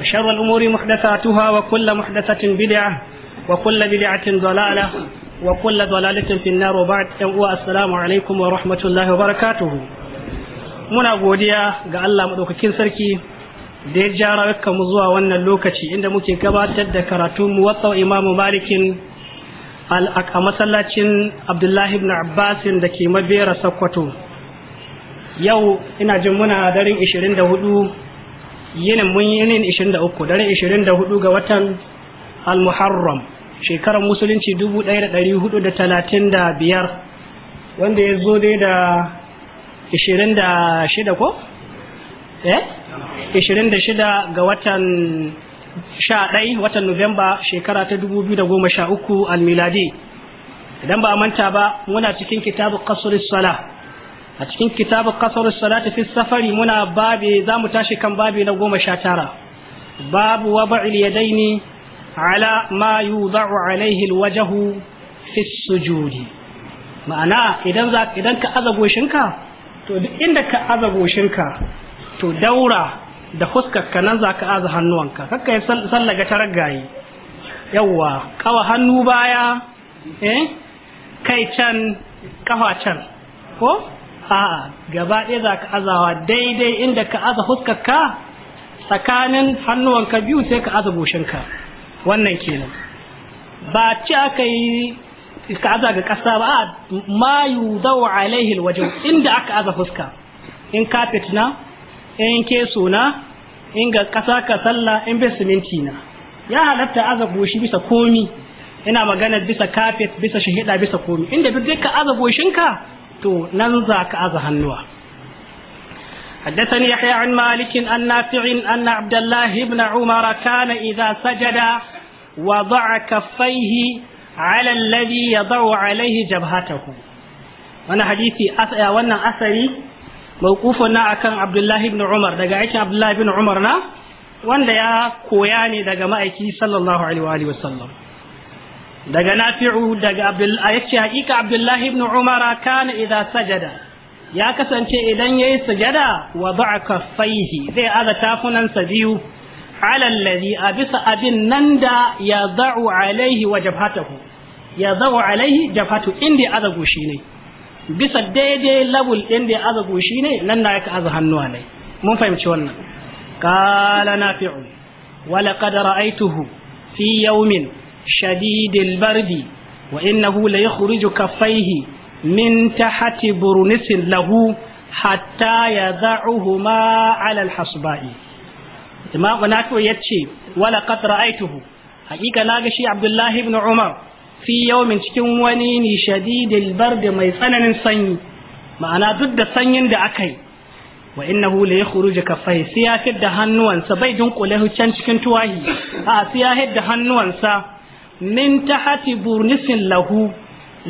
وشر الأمور محدثاتها وكل محدثة بدعة وكل بدعة ضلالة وكل ضلالة في النار وبعد السلام عليكم ورحمة الله وبركاته muna godiya ga Allah maɗaukakin sarki da ya jara wakka mu zuwa wannan lokaci inda muke gabatar da karatu muwatta imamu malikin a masallacin abdullahi ibn abbasin da ke mabera sakkwato yau ina jin muna daren yinin mun yi yinin 23 dare 24 ga watan al-muharram shekarar musulunci 1435 wanda ya zo dai da 26 ko? eh? 26 ga watan 11 watan novemba shekara ta 2013 al-miladi idan ba a manta ba muna cikin kitabu qasrus salah a cikin kitabu kasar salati fi safari muna babi za mu tashi kan babi na goma sha tara babu wa ba'il yadaini ala ma yudau alaihi alwajhu fi sujudi ma'ana idan ka aza goshinka to duk inda ka aza to daura da huskar ka nan za ka aza hannuwanka kakka ya sallaga taragayi yawwa kawa hannu baya eh kai can kafa can ko a'a gaba ɗaya za ka azawa daidai inda ka aza huskarka tsakanin hannuwanka biyu sai ka aza goshinka wannan kenan ba ci aka yi ka aza ga ƙasa ba ma yu dawa alaihi waje inda aka aza fuska in kafet na in keso na in ga ƙasa ka sallah in bai siminti na ya halatta aza goshi bisa komi ina magana bisa kafet bisa shahida bisa komi inda duk ka aza goshinka تو نزع كأز هنوا حدثني يحيى عن مالك أن نافع أن عبد الله بن عمر كان إذا سجد وضع كفيه على الذي يضع عليه جبهته wannan hadisi asaya wannan asari mawqufun na akan Abdullah ibn Umar daga aikin Abdullah ibn Umar na wanda ya koya ne daga ma'aiki sallallahu alaihi wa sallam daga nafi'u daga yace hakika abdullahi ibn umar kana idza sajada ya kasance idan yayi sujada wa ba'a kaffaihi zai aza tafunansa biyu ala alladhi abisa abin nan da ya da'u alaihi wa jabhatahu ya da'u alaihi jabhatu inda aza gushi ne bisa daidai labul inda aza gushi ne nan na yaka aza hannuwa ne mun fahimci wannan qala nafi'u wa laqad ra'aytuhu fi yawmin شديد البرد وإنه ليخرج كفيه من تحت برنس له حتى يضعهما على الحصباء ما هناك يتشي ولقد رأيته حقيقة ناقشي عبد الله بن عمر في يوم cikin wani ni shadidil barda mai tsananin sanyi ma'ana duk da sanyin da aka yi wa innahu la yakhruju kaffai sai ya fidda hannuwansa bai dunkule can cikin tuwahi a sai ya hannuwansa min hati burnisin lahu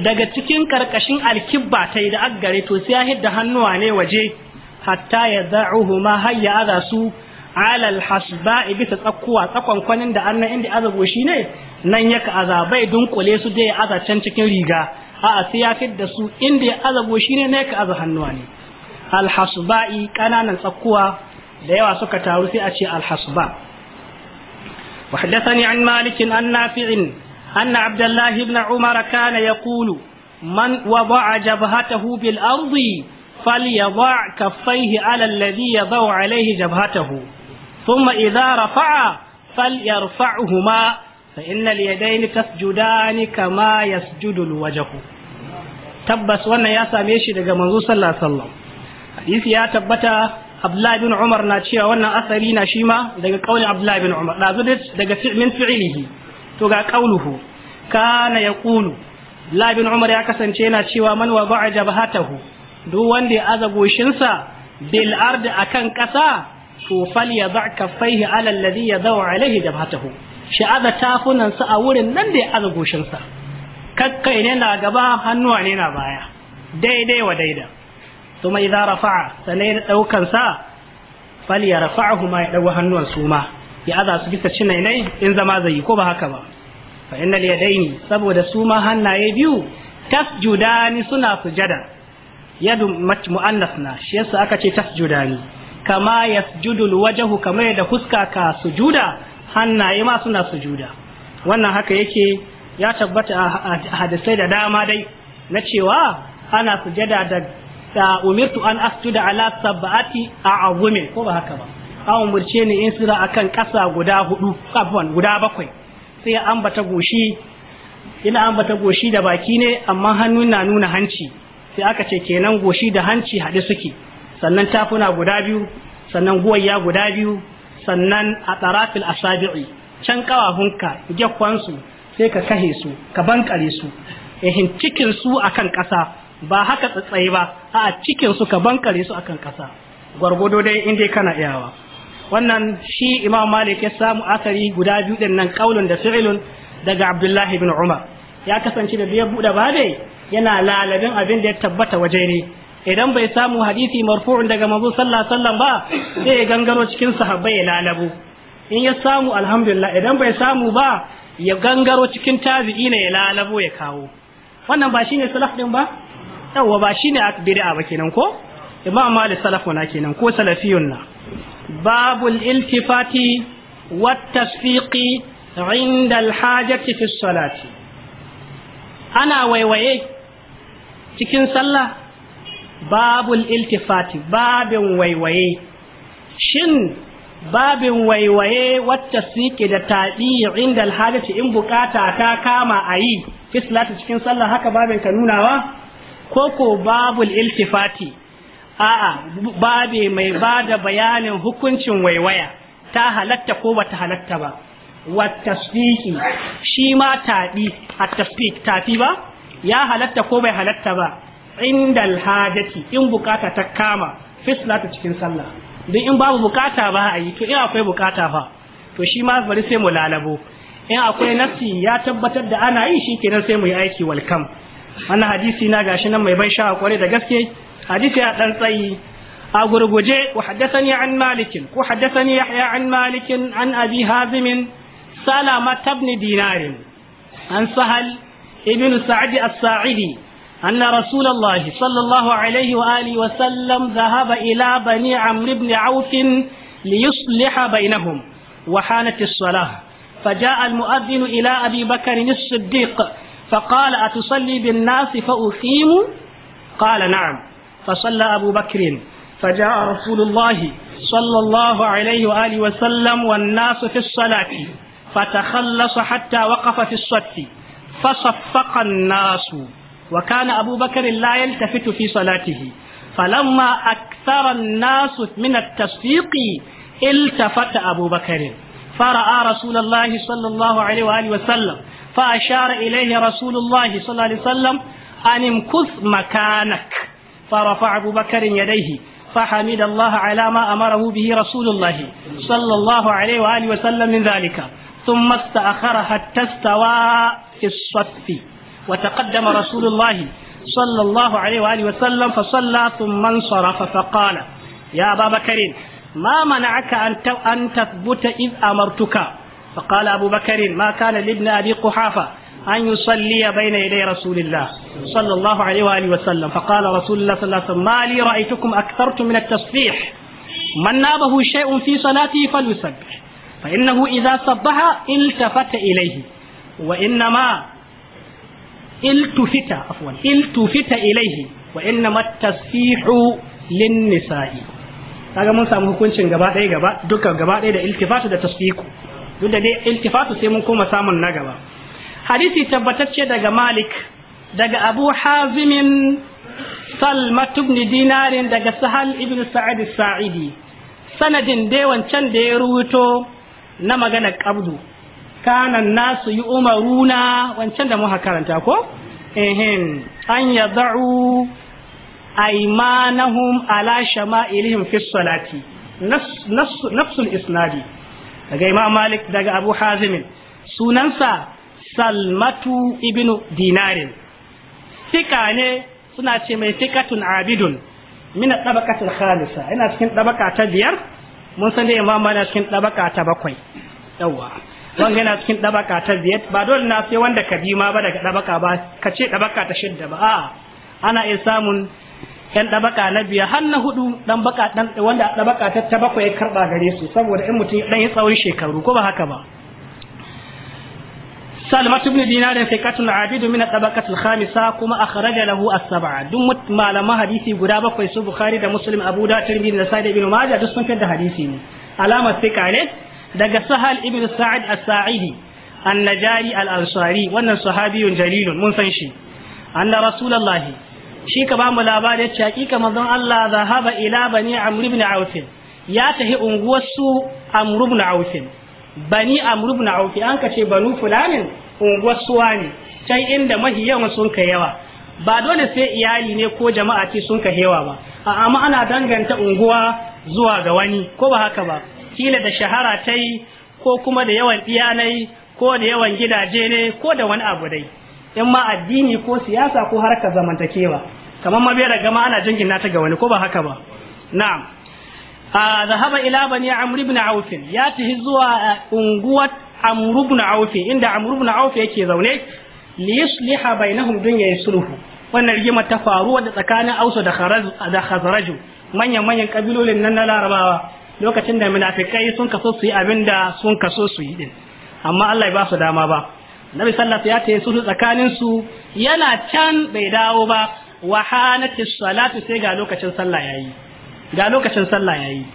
daga cikin karkashin alkibba ta yi da aggare to sai ya hidda hannuwa ne waje hatta ya za'uhu ma hayya aza su alal hasba'i bisa tsakkuwa tsakon kwanin da annan inda azabo shi ne nan ya ka azabai dunkule su dai aza can cikin riga a'a sai ya fidda su inda ya shi ne na ka aza hannuwa ne alhasba'i kananan tsakkuwa da yawa suka taru sai a ce alhasba' وحدثني عن مالك عن نافع أن عبد الله بن عمر كان يقول من وضع جبهته بالأرض فليضع كفيه على الذي يضع عليه جبهته ثم إذا رفع فليرفعهما فإن اليدين تسجدان كما يسجد الوجه تبس وانا يا سامي شي daga manzo sallallahu alaihi wasallam hadisi ya tabbata abdullahi bin umar na cewa wannan asali na shi ma daga kaulin abdullahi bin umar dazu daga min fi'ilihi to ga kauluhu kana yaqulu abdullahi bin umar ya kasance yana cewa man wa ba'a jabhatahu duk wanda ya aza goshinsa bil ard akan kasa to fal yad'a kaffaihi ala alladhi yad'u alaihi jabhatahu shi aza tafunan sa a wurin nan da ya aza goshinsa kakkai ne na gaba hannuwa ne na baya daidai wa daidai idan idza rafa'a sanne da ɗaukansa, sa fal ya rafa'ahu kuma ya dawo hannuwan su ma ya aza su bisa cin nai in zama zai yi ko ba haka ba fa innal yadaini saboda su ma hannaye biyu ni suna sujada yadu mat muannasna shi yasa aka ce tasjudani kama yasjudu alwajhu kama yadda fuska ka juda. hannaye ma suna sujuda wannan haka yake ya tabbata a hadisai da dama dai na cewa ana sujada da Da umirtu an asjuda ala sab'ati a'azumi ko ba haka ba an umurce ni in sura akan kasa guda hudu afwan guda bakwai sai ya ambata goshi ina ambata goshi da baki ne amma hannu na nuna hanci sai aka ce kenan goshi da hanci haɗe suke sannan tafuna guda biyu sannan guwayya guda biyu sannan a tarafil asabi'i can kawafunka gyakwansu sai ka kahe su ka bankare su ehin cikin su akan ƙasa ba haka tsatsaye ba a cikin suka bankare su akan kasa gwargwado dai inda kana iyawa wannan shi imam malik ya samu asari guda biyu din nan kaulun da fi'ilun daga abdullahi ibn umar ya kasance da biyar buɗe ba dai yana lalabin abin da ya tabbata waje ne idan bai samu hadisi marfu'un daga manzo sallallahu alaihi wasallam ba sai ya gangaro cikin sahabbai ya lalabo in ya samu alhamdulillah idan bai samu ba ya gangaro cikin tabi'i ne ya lalabo ya kawo wannan ba shine salaf din ba yawa ba shi ne bid'a ba kenan ko imam malik salafuna kenan ko salafiyun na babul iltifati wat tasfiqi inda alhajati fi salati ana waiwaye cikin sallah babul iltifati babin waiwaye shin babin waiwaye wata suke da taɗi inda alhajati in bukata ta kama a yi fi salati cikin sallah haka babin ka nunawa ko ko babul iltifati a'a babe mai bada bayanin hukuncin waiwaya ta halatta ko bata halatta ba wattasfiki shi ma taɓi a tasfik tafi ba ya halatta ko bai halatta ba inda alhajati in bukata ta kama fislata cikin sallah don in babu bukata ba a yi to in akwai bukata fa to shi ma bari sai mu lalabo in akwai nafsi ya tabbatar da ana yi shi kenan sai mu yi aiki walkam wani hadisi na gashinan mai ban sha kware da gaske hadisi ya dan tsayi a gurguje ku haddathani an malikin ku haddathani yahya an malikin an abi hazim salama tabni dinarin an sahal ibn sa'd as-sa'idi anna rasulullah sallallahu alaihi wa alihi wa sallam ila bani amr ibn auf liyusliha bainahum وحانت الصلاة فجاء المؤذن إلى أبي بكر الصديق فقال أتصلي بالناس فأقيم قال نعم فصلى أبو بكر فجاء رسول الله صلى الله عليه وآله وسلم والناس في الصلاة فتخلص حتى وقف في الصف فصفق الناس وكان أبو بكر لا يلتفت في صلاته فلما أكثر الناس من التصفيق التفت أبو بكر فرأى رسول الله صلى الله عليه وآله وسلم فأشار إليه رسول الله صلى الله عليه وسلم أن امكث مكانك فرفع أبو بكر يديه فحمد الله على ما أمره به رسول الله صلى الله عليه وآله وسلم من ذلك ثم استأخر حتى استوى في الصف وتقدم رسول الله صلى الله عليه وآله وسلم فصلى ثم انصرف فقال يا أبا بكر ما منعك أن تثبت إذ أمرتك فقال أبو بكر ما كان لابن أبي قحافة أن يصلي بين يدي رسول الله صلى الله عليه وآله وسلم فقال رسول الله صلى الله عليه وسلم ما لي رأيتكم أكثرتم من التسبيح من نابه شيء في صلاته فليسبح فإنه إذا صبح التفت إليه وإنما التفت عفوا التفت إليه وإنما التسبيح للنساء هذا mun samu hukuncin gaba ɗaya gaba duka gaba ɗaya da iltifatu duk da dai iltifatu sai mun koma samun na gaba hadisi tabbatacce daga malik daga abu hazimin salmat ibn dinarin daga sahal ibn sa'id sa'idi sanadin dai wancan da ya rubuto na maganar qabdu, kanan nasu yi umaruna wancan da muka karanta ko ehin an yadau aimanahum ala shama'ilihim fi salati nafsul isnadi daga imam malik daga abu hazim sunansa salmatu ibnu dinarin tika ne suna ce mai tikatun abidun mina tabaqatul khalisa ina cikin tabaka ta biyar mun san da imam malik cikin tabaka ta bakwai yawa wanga yana cikin ɗabaka ta biyar ba dole na sai wanda ka bi ma ba daga ɗabaka ba ka ce ɗabaka ta shidda ba a ana iya samun ‘yan ɗabaka na biya har na hudu ɗan baka wanda ɗabaka ta ta bakwai ya karɓa gare su saboda ‘yan mutum ɗan yi tsawon shekaru ko ba haka ba. Salma tubni dinarin fi katul abidu min ɗabakatul khamisa kuma a kharaja lahu as-sab'a duk malaman hadisi guda bakwai su Bukhari da Muslim a buda Tirmidhi da Sa'id ibn Majah duk sun fi da hadisi ne. Alama thiqa ne daga Sahal ibn Sa'id as-Sa'idi النجاري الأنصاري وأن الصحابي جليل من فنشي أن رسول الله shi ka bamu labari yace hakika manzon Allah zahaba ila bani amr ibn auf ya tahi unguwar su amr ibn auf bani amr ibn auf an ka ce banu fulanin unguwar su wani can inda mahiyan sun ka yawa ba dole sai iyali ne ko jama'a ce sun ka yawa ba amma ana danganta unguwa zuwa ga wani ko ba haka ba kila da shahara ta yi ko kuma da yawan iyanai ko da yawan gidaje ne ko da wani abu dai in ma addini ko siyasa ko harka zamantakewa kamar ma bai gama ana jingina ta ga wani ko ba haka ba na'am a zahaba ila bani amr ibn auf ya tahi zuwa eh, unguwar amr ibn auf inda amr ibn auf yake zaune li yusliha bainahum dunya yusluhu sulhu wannan rigimar ta faru da tsakanin ausu da khazraj manyan manyan kabilolin nan na larabawa lokacin da munafikai sun kaso su yi abin da sun kaso su yi din amma Allah ya ba su dama ba Nabi sallallahu alaihi wasallam ya ce su tsakanin su yana can bai dawo ba wa hanati salatu sai ga lokacin sallah yayi ga lokacin sallah yayi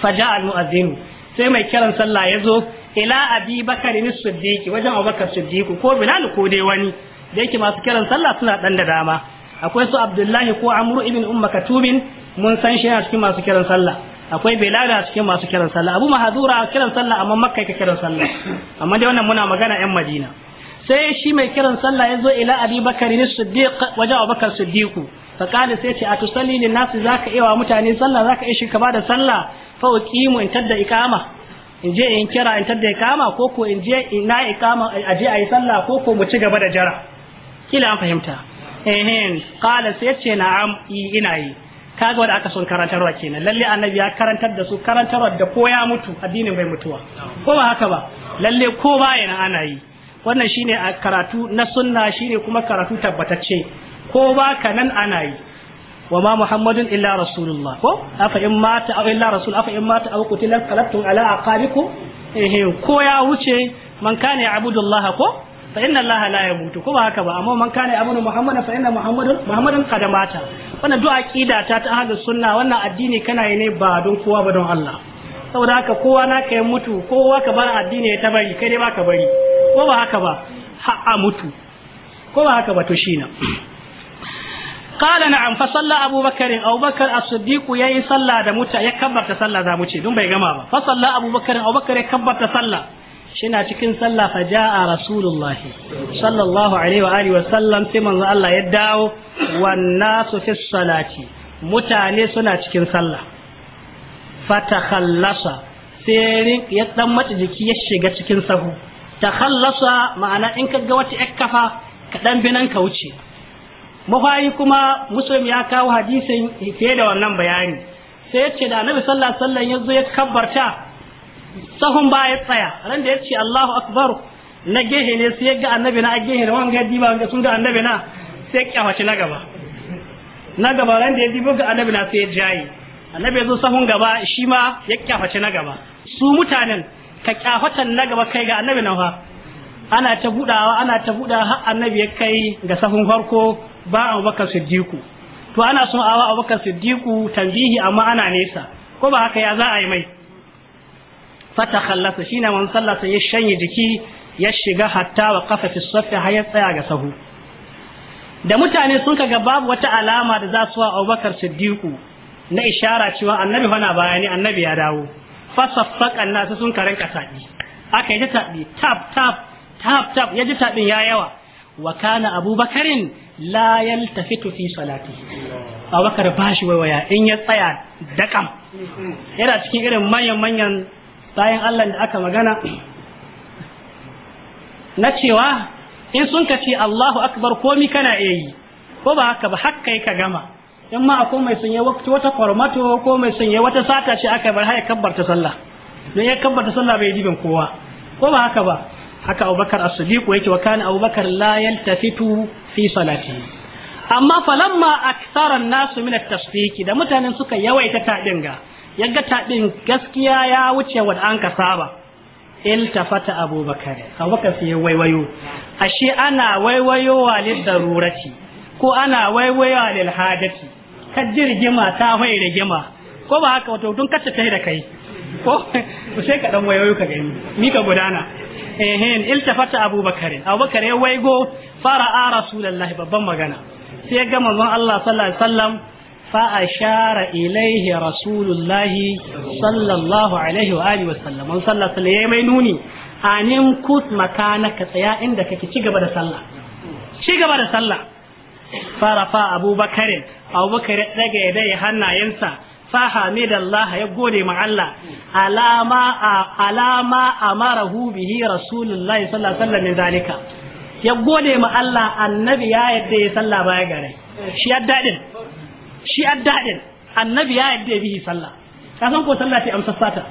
faja al muazzin sai mai kiran sallah yazo ila abi bakari ni siddiqi wajen abubakar siddiqi ko bilal ko dai wani da yake masu kiran sallah suna dan da dama akwai su abdullahi ko amru ibn umma katubin mun san shi a cikin masu kiran sallah akwai bilal a cikin masu kiran sallah abu mahadura kiran sallah amma makka ka kiran sallah amma dai wannan muna magana yan madina sai shi mai kiran sallah ya zo ila abi bakari ne siddiq wajen abubakar siddiqu fa qala sai ce a atusalli lin nas zaka iya wa mutane sallah zaka iya shugaba da sallah fa uqimu in tadda ikama in je in kira in tadda ikama ko ko in je na ikama a je ayi sallah ko ko mu ci gaba da jara kila an fahimta eh eh qala sai ce na'am ina yi kaga wanda aka son karantarwa kenan lalle annabi ya karantar da su karantarwa da ko ya mutu addinin bai mutuwa ko ba haka ba lalle ko ba yana ana yi wannan shine a karatu na sunna shine kuma karatu tabbatacce ko ba ka nan ana yi wa ma muhammadun illa rasulullah ko afa in mata aw illa rasul afa in mata aw qutila qalabtum ala aqabikum eh ko ya wuce man kana ya'budullaha ko fa inna allaha la yamutu ko ba haka ba amma man kana ya'budu muhammadan fa inna muhammadan muhammadan qad mata wannan du'a aqida ta ta ahlus sunna wannan addini kana yi ne ba don kowa ba don Allah saboda haka kowa na kai mutu kowa ka bar addini ya ta bari kai dai ba ka bari ko ba haka ba ha'a mutu ko ba haka ba to shine na na'am fa salla abu bakarin abu bakar as ya yi sallah da muta ya kabbarta sallah za mu ce dun bai gama ba Fasalla salla abu bakarin abu bakar ya kabbarta salla shina cikin sallah fa jaa rasulullah sallallahu alaihi wa alihi wa sallam sai manzo Allah ya dawo wan nasu fi salati mutane suna cikin sallah fa takhallasa sai ya dan mata jiki ya shiga cikin sahu takhallasa ma'ana in ka ga wata kafa ka dan binan ka wuce mafari kuma muslim ya kawo hadisin fiye da wannan bayani sai yace da annabi sallallahu alaihi wasallam yazo ya kabbarta sahun ba ya tsaya ran da yace Allahu akbar na gehe ne sai ga annabi na gehe ne wanga diba wanga sun ga annabi na sai kyawace na gaba na gaba ran da ya dibo ga annabi na sai ya jayi annabi yazo sahun gaba shi ma ya kyawace na gaba su mutanen ka kyafatan na gaba kai ga annabi nan fa ana ta budawa ana ta buda har annabi ya kai ga sahun farko ba abubakar siddiku to ana son awa bakar siddiku tambihi amma ana nesa ko ba haka ya za a yi mai fata khallasa shine man sallasa ya shanye jiki ya shiga hatta wa kafa fi safi har ya tsaya ga sahu da mutane sun ga babu wata alama da za su wa abubakar siddiku na ishara cewa annabi fa na bayani annabi ya dawo fasaffaƙan nasu sun karen ka taɓi aka yi ta taɓi tap tap tap tap ya ji taɓin ya yawa wa kana abubakarin la yaltafitu fi salati abubakar ba shi waya in ya tsaya dakam yana cikin irin manyan manyan bayan allah da aka magana na cewa in sun ka ce allahu akbar komi kana iya yi ko ba haka ba haka ka gama in ma akwai mai sanye wata kwarmato ko mai sanye wata sata shi aka bar haya kabbarta sallah don ya kabbarta sallah bai dibin kowa ko ba haka ba haka abubakar as-siddiq yake wa kana abubakar la yaltafitu fi salati amma falamma aktsara an-nasu min at-tasdiq da mutanen suka yawaita tadin ga yaga tadin gaskiya ya wuce wa an ka saba iltafata abubakar abubakar sai waiwayo ashe ana waiwayo walid darurati ko ana waiwayo lil hadati ka ji rigima ta hoye rigima ko ba haka wato don kace ta da kai ko sai ka dan wayoyi ka gani ni ka gudana eh iltafata abubakar abubakar ya waigo fara a rasulullahi babban magana sai ya ga manzon Allah sallallahu alaihi wasallam fa ashara ilaihi rasulullahi sallallahu alaihi wa alihi wasallam man sallallahu alaihi mai nuni anin kus ka tsaya inda kake ci gaba da sallah ci gaba da sallah farafa abubakarin abubakar ya daga ya dai hannayensa fahamidallah ya gode ma Allah alama alama amara hu bihi rasulullahi sallallahu alaihi wasallam min zalika ya gode ma Allah annabi ya yadda ya salla baya gare shi addadin shi addadin annabi ya yadda bihi salla ka san ko sallah ce amsa sata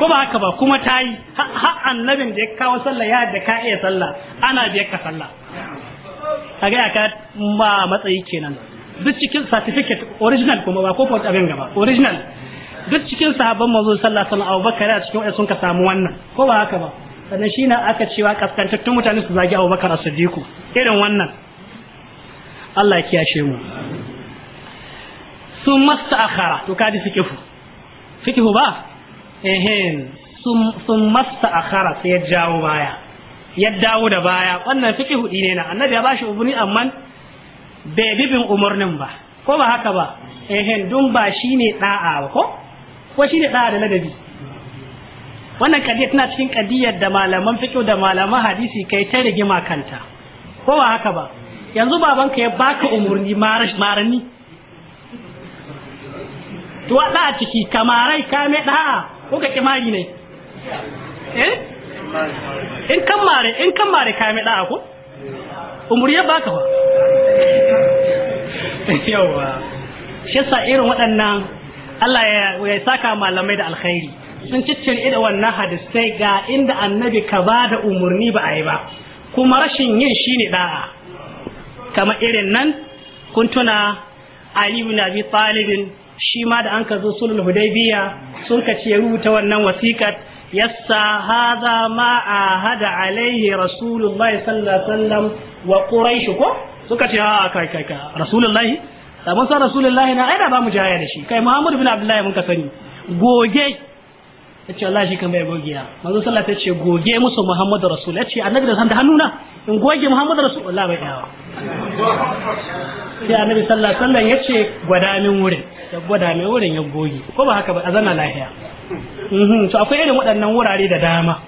ko ba haka ba kuma tayi har annabin da ya kawo salla ya yadda ka iya salla ana biyar ka salla ka gaya ka ma matsayi kenan duk cikin certificate original kuma ba ko fort abin gaba original duk cikin sahabban manzo sallallahu alaihi wasallam Abubakar a cikin sun ka samu wannan ko ba haka ba sannan shi ne aka cewa kaskantattun mutane su zagi Abubakar As-Siddiq irin wannan Allah ya kiyashe mu sun masta'akhara to kadi fikihu fikihu ba ehem sun masta'akhara sai ya jawo baya ya dawo da baya wannan hudi ne na annabi ya bashi ubuni amma bai bibin umarnin ba ko ba haka ba eh dun ba shine da'a ba ko ko shine da'a da ladabi wannan kadiya tana cikin kadiyar da malaman fiki da malaman hadisi kai ta rigima kanta ko ba haka ba yanzu babanka ya baka umurni marash marani to wada a ciki kamarai ka me da'a ko ka kimari ne eh in kan mare in kan mare mai da ko umuri ya baka fa yawa shi yasa irin waɗannan Allah ya saka malamai da alkhairi sun ciccin ida wannan hadisai ga inda annabi ka ba da umarni ba a yi ba kuma rashin yin shi ne da'a kamar irin nan kun tuna Ali ibn Abi Talib shi ma da an ka zo sulhul Hudaybiya sun ka ce rubuta wannan wasiƙar يسا هذا ما عاهد عليه رسول الله صلى الله عليه وسلم وقريش كو suka ce a kai kai ka rasulullahi da mun san rasulullahi na aida ba mu jaya da shi kai muhammadu bin abdullahi mun ka sani goge ta ce Allah shi kan bai goge na manzo sallah ta ce goge musu muhammadu rasul ya ce annabi da sanda hannuna in goge muhammadu rasul allah bai dawo sai annabi sallah sallan ya ce gwada min wurin ya gwada min wurin ya goge ko ba haka ba a zana lafiya mhm, to akwai irin waɗannan wurare da dama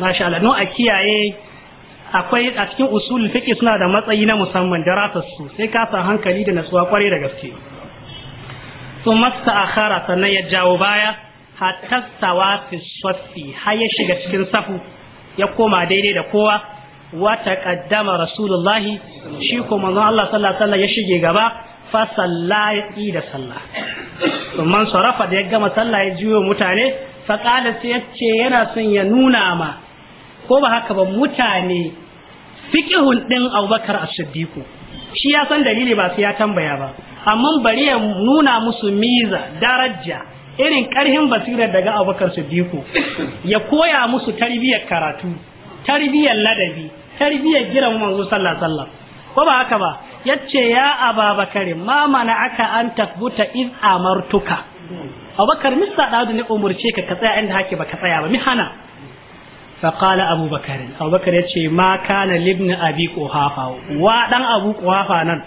masha Allah no a kiyaye akwai a cikin usul fiqh suna da matsayi na musamman da su sai ka san hankali da natsuwa kwarai da gaske to masta akhara sannan ya jawo baya hatta sawa fi har ya shiga cikin safu ya koma daidai da kowa wata taqaddama rasulullahi shi ko manzon Allah sallallahu alaihi wasallam ya shige gaba fa salla yi da sallah man sarafa da ya gama sallah ya juyo mutane fa qala sai yace yana son ya nuna ma ko ba haka ba mutane fiqhun din Abubakar As-Siddiq shi ya san dalili ba sai ya tambaya ba amma bari ya nuna musu miza daraja irin karhin basirar daga abubakar siddiqu ya koya musu tarbiyyar karatu tarbiyyar ladabi tarbiyyar jiran manzo sallallahu alaihi ko ba haka ba yace ya ababakare ma mana aka an tabbuta iz amartuka abubakar mista da ne umurce ka ka tsaya inda hake ba ka tsaya ba mi hana fa qala abubakar abubakar yace ma kana libni abi quhafa wa dan abu quhafa nan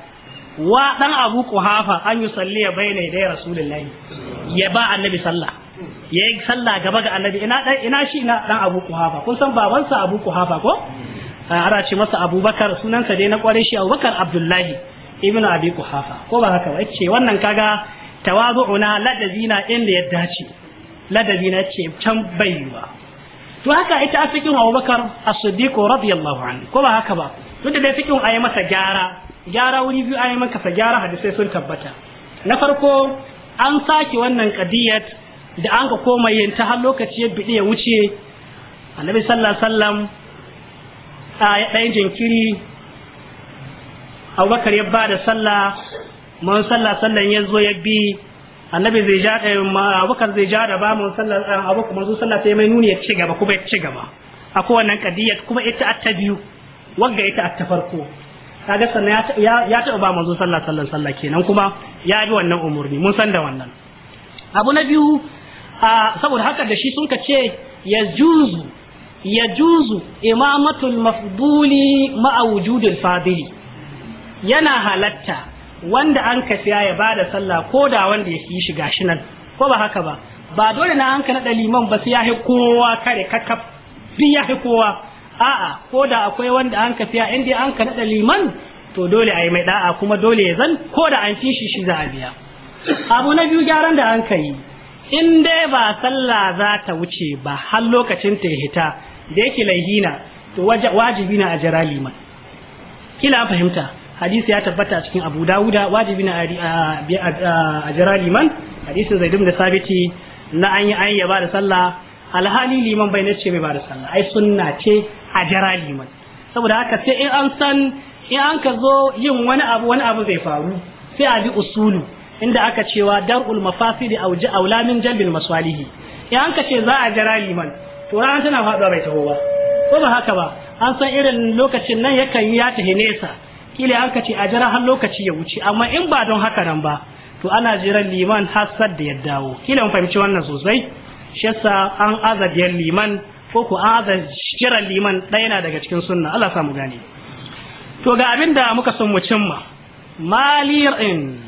wa dan abu kuhafa an yi salli ya bayyana da rasulullahi ya ba annabi sallah ya yi sallah gaba ga annabi ina ina shi na dan abu kuhafa kun san babansa abu kuhafa ko ana ce masa abubakar sunansa dai na kware shi abubakar abdullahi ibnu abi kuhafa ko ba haka ba ce wannan kaga tawazu'una ladazina inda ya dace ladazina ce can baiwa to haka ita a fikin abubakar as-siddiq radiyallahu anhu ko ba haka ba duk da fikin ayi masa gyara gyara wuri biyu an yi maka sa gyara hadisai sun tabbata na farko an sake wannan kadiyat da an ka koma yin ta har lokaci ya biɗi ya wuce annabi sallallahu alaihi wasallam a ya dai jinkiri abubakar ya ba da sallah mun sallah sallan ya zo ya bi annabi zai ja da eh, abubakar zai ja da ba mun sallah kuma zo sallah sai mai nuni ya ci gaba kuma ya ci gaba akwai wannan kadiyat kuma ita ta biyu wagga ita ta farko kaga sannan ya ya taɓa ba manzo sallah sallan sallah kenan kuma ya bi wannan umurni mun san da wannan abu na biyu a saboda haka da shi sun ka ce ya juzu ya juzu imamatul mafduli ma'a wujudul fadili yana halatta wanda an ka siya ya ba da sallah ko da wanda ya fi shiga shi nan ko ba haka ba ba dole na an na ba sai ya kowa kare kakaf bi ya kowa a'a ko da akwai wanda an ka fiya inda an ka nada liman to dole a yi mai da'a kuma dole ya zan ko da an ci shi za a biya abu na biyu gyaran da an ka yi in dai ba sallah za ta wuce ba har lokacin ta hita da yake laihina to wajibi na a jira liman kila fahimta hadisi ya tabbata a cikin abu dawuda wajibi na a jira liman hadisin zaidun da sabiti na an yi an da sallah alhali liman bai ce mai ba da sallah ai sunna ce a jira liman saboda haka sai in an san in an ka zo yin wani abu wani abu zai faru sai a bi usulu inda aka cewa dar'ul mafasidi da min jalbil maswalihi in an ka ce za a jira liman to ranar tana faduwa bai taho ba ko ba haka ba an san irin lokacin nan yakan yi ya tahi nesa kila an ka ce a jara har lokaci ya wuce amma in ba don haka nan ba to ana jiran liman har da ya dawo kila mun fahimci wannan sosai shi yasa an azabiyar liman ko ku aza kiran liman ɗaya na daga cikin sunna Allah samu gane to ga abin da muka son mu cimma malirin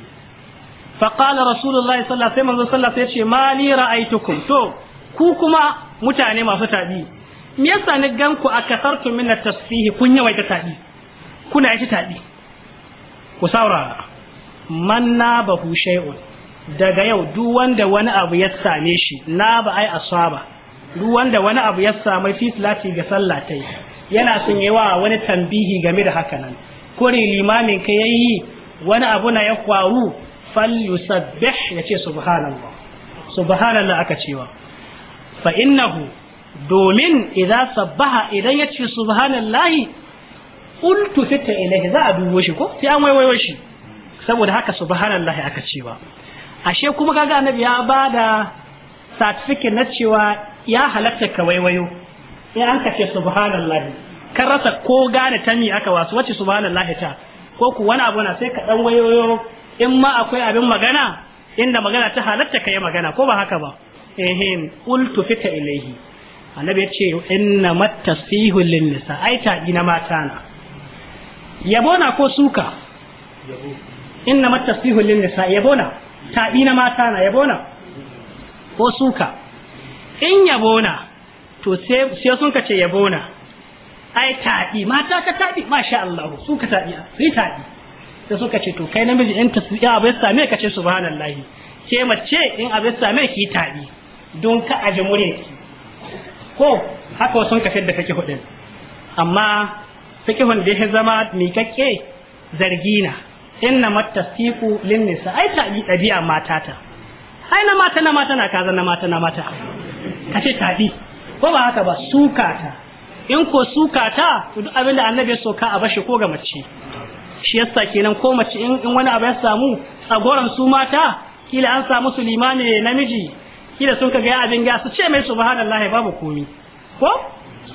fa qala rasulullahi sallallahu alaihi wasallam sallallahu alaihi ce mali ra'aitukum to ku kuma mutane masu tabi me yasa ni gan ku akasartu min at-tasfih kun yawaita tabi kuna yi tabi ku saurara man nabahu shay'un daga yau duk wanda wani abu ya same shi na ba ai asaba duk wanda wani abu ya samu fi salati ga sallah tai yana son yawa wa wani tambihi game da haka nan kore limamin ka yayi wani abu na ya kwaru ya ce subhanallah subhanallah aka cewa fa innahu domin idza sabbaha idan ya yace subhanallahi qultu fita ilahi za a dubo shi ko sai an waiwayo shi saboda haka subhanallahi aka cewa ashe kuma kaga annabi ya bada certificate na cewa ya halatta ka waiwayo in an kace subhanallahi kan rasa ko gane tami aka wasu wacce subhanallahi ta ko ku wani abu na sai ka dan wayoyo in ma akwai abin magana inda magana ta halatta yi magana ko ba haka ba ehin qultu fita ilayhi annabi yace inna mattasihu lin nisa ai ta gina mata na Yabo na ko suka inna mattasihu lin nisa yabo na ta gina mata na yabo na? ko suka in yabona to sai sun ka ce yabona ai taɗi mata ka taɗi masha Allah sun ka taɗi su yi taɗi sai suka ce to kai namiji in ka in abu ya same ka ce subhanallahi ke mace in abu ya same ki taɗi don ka aje ki ko haka sun ka da kake hudin amma fikihun da ya zama miƙaƙƙe zargina inna mattasiku lin nisa ai taɗi ɗabi'a matata ai na mata na mata na kaza na mata na mata ka ce tafi ko ba haka ba suka ta in ko suka ta to duk abin da annabi so ka a bashi ko ga mace shi yasa kenan ko mace in wani abu ya samu a goran su mata kila an samu su limami namiji kila sun ka abin ga su ce mai subhanallahi babu komi ko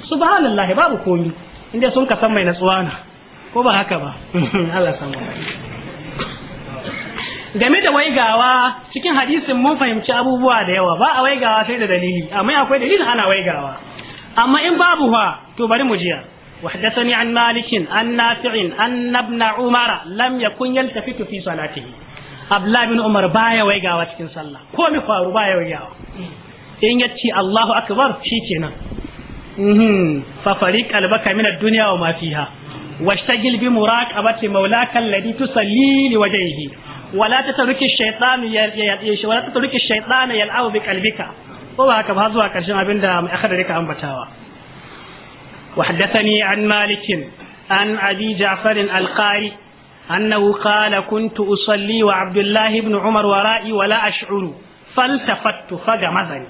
subhanallahi babu komi inda sun ka san mai natsuwa na ko ba haka ba Allah san game da waigawa cikin hadisin mun fahimci abubuwa da yawa ba a waigawa sai da dalili amma akwai dalilin ana waigawa amma in babu fa to bari mu jiya وحدثني عن مالك عن نافع أن ابن عمر لم يكن يلتفت في صلاته أبلا بن عمر بايا ويقا واتكن صلى كومي فارو بايا ويقا إن يتشي الله أكبر شيكنا ففريق قلبك من الدنيا وما فيها واشتغل بمراقبة مولاك الذي تصلي لوجهه wala ta taruki shaytanu ya ya wala ta taruki shaytanu yal'abu bi qalbika ba haka ba zuwa karshen abinda mai akhadari ka ambatawa wa haddathani an malikin an abi ja'far al-qari أنه قال كنت أصلي وعبد الله بن عمر ورائي ولا أشعر فالتفت فجمزني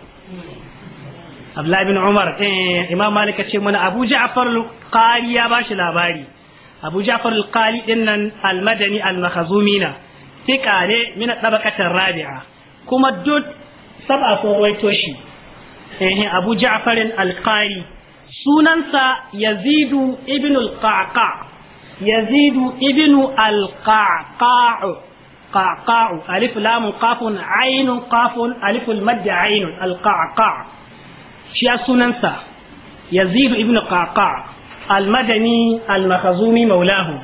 عبد الله بن عمر إيه إمام مالك تشمنا أبو جعفر القاري يا باش لاباري أبو جعفر القاري إن المدني المخزومين ثقة ne من الطبقة الرابعة كما دود سبعة رويتوشي إيه أبو جعفر القاري sunansa yazidu ibn al-qaqa yazidu ibn al-qaqa qaqa alif qafun ayn qafun alif al-madd al-qaqa shi sunansa yazidu ibn qaqa al-madani al maulahu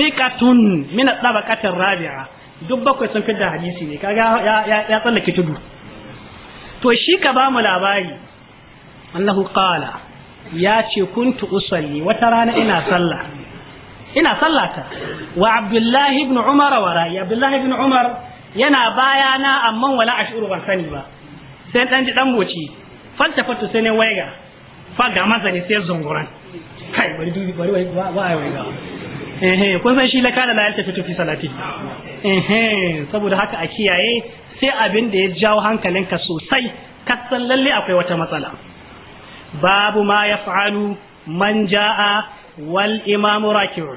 thiqatun min at rabia duk bakwai sun fidda hadisi ne kaga ya tsallake tudu to shi ka ba mu labari annahu qala ya ce kuntu usalli wata rana ina sallah ina sallata wa abdullahi ibn umar wa ra'i abdullahi ibn umar yana bayana amma wala ashuru ban sani ba sai dan ji dan boci faltafatu sai ne waiga fa ga mazani sai zunguran kai bari dubi bari wai ba eh kun san shi lakana la fitu fi salati eh saboda haka a kiyaye sai abin da ya jawo hankalinka sosai kasan lalle akwai wata matsala babu ma yaf'alu man jaa wal imam raki'u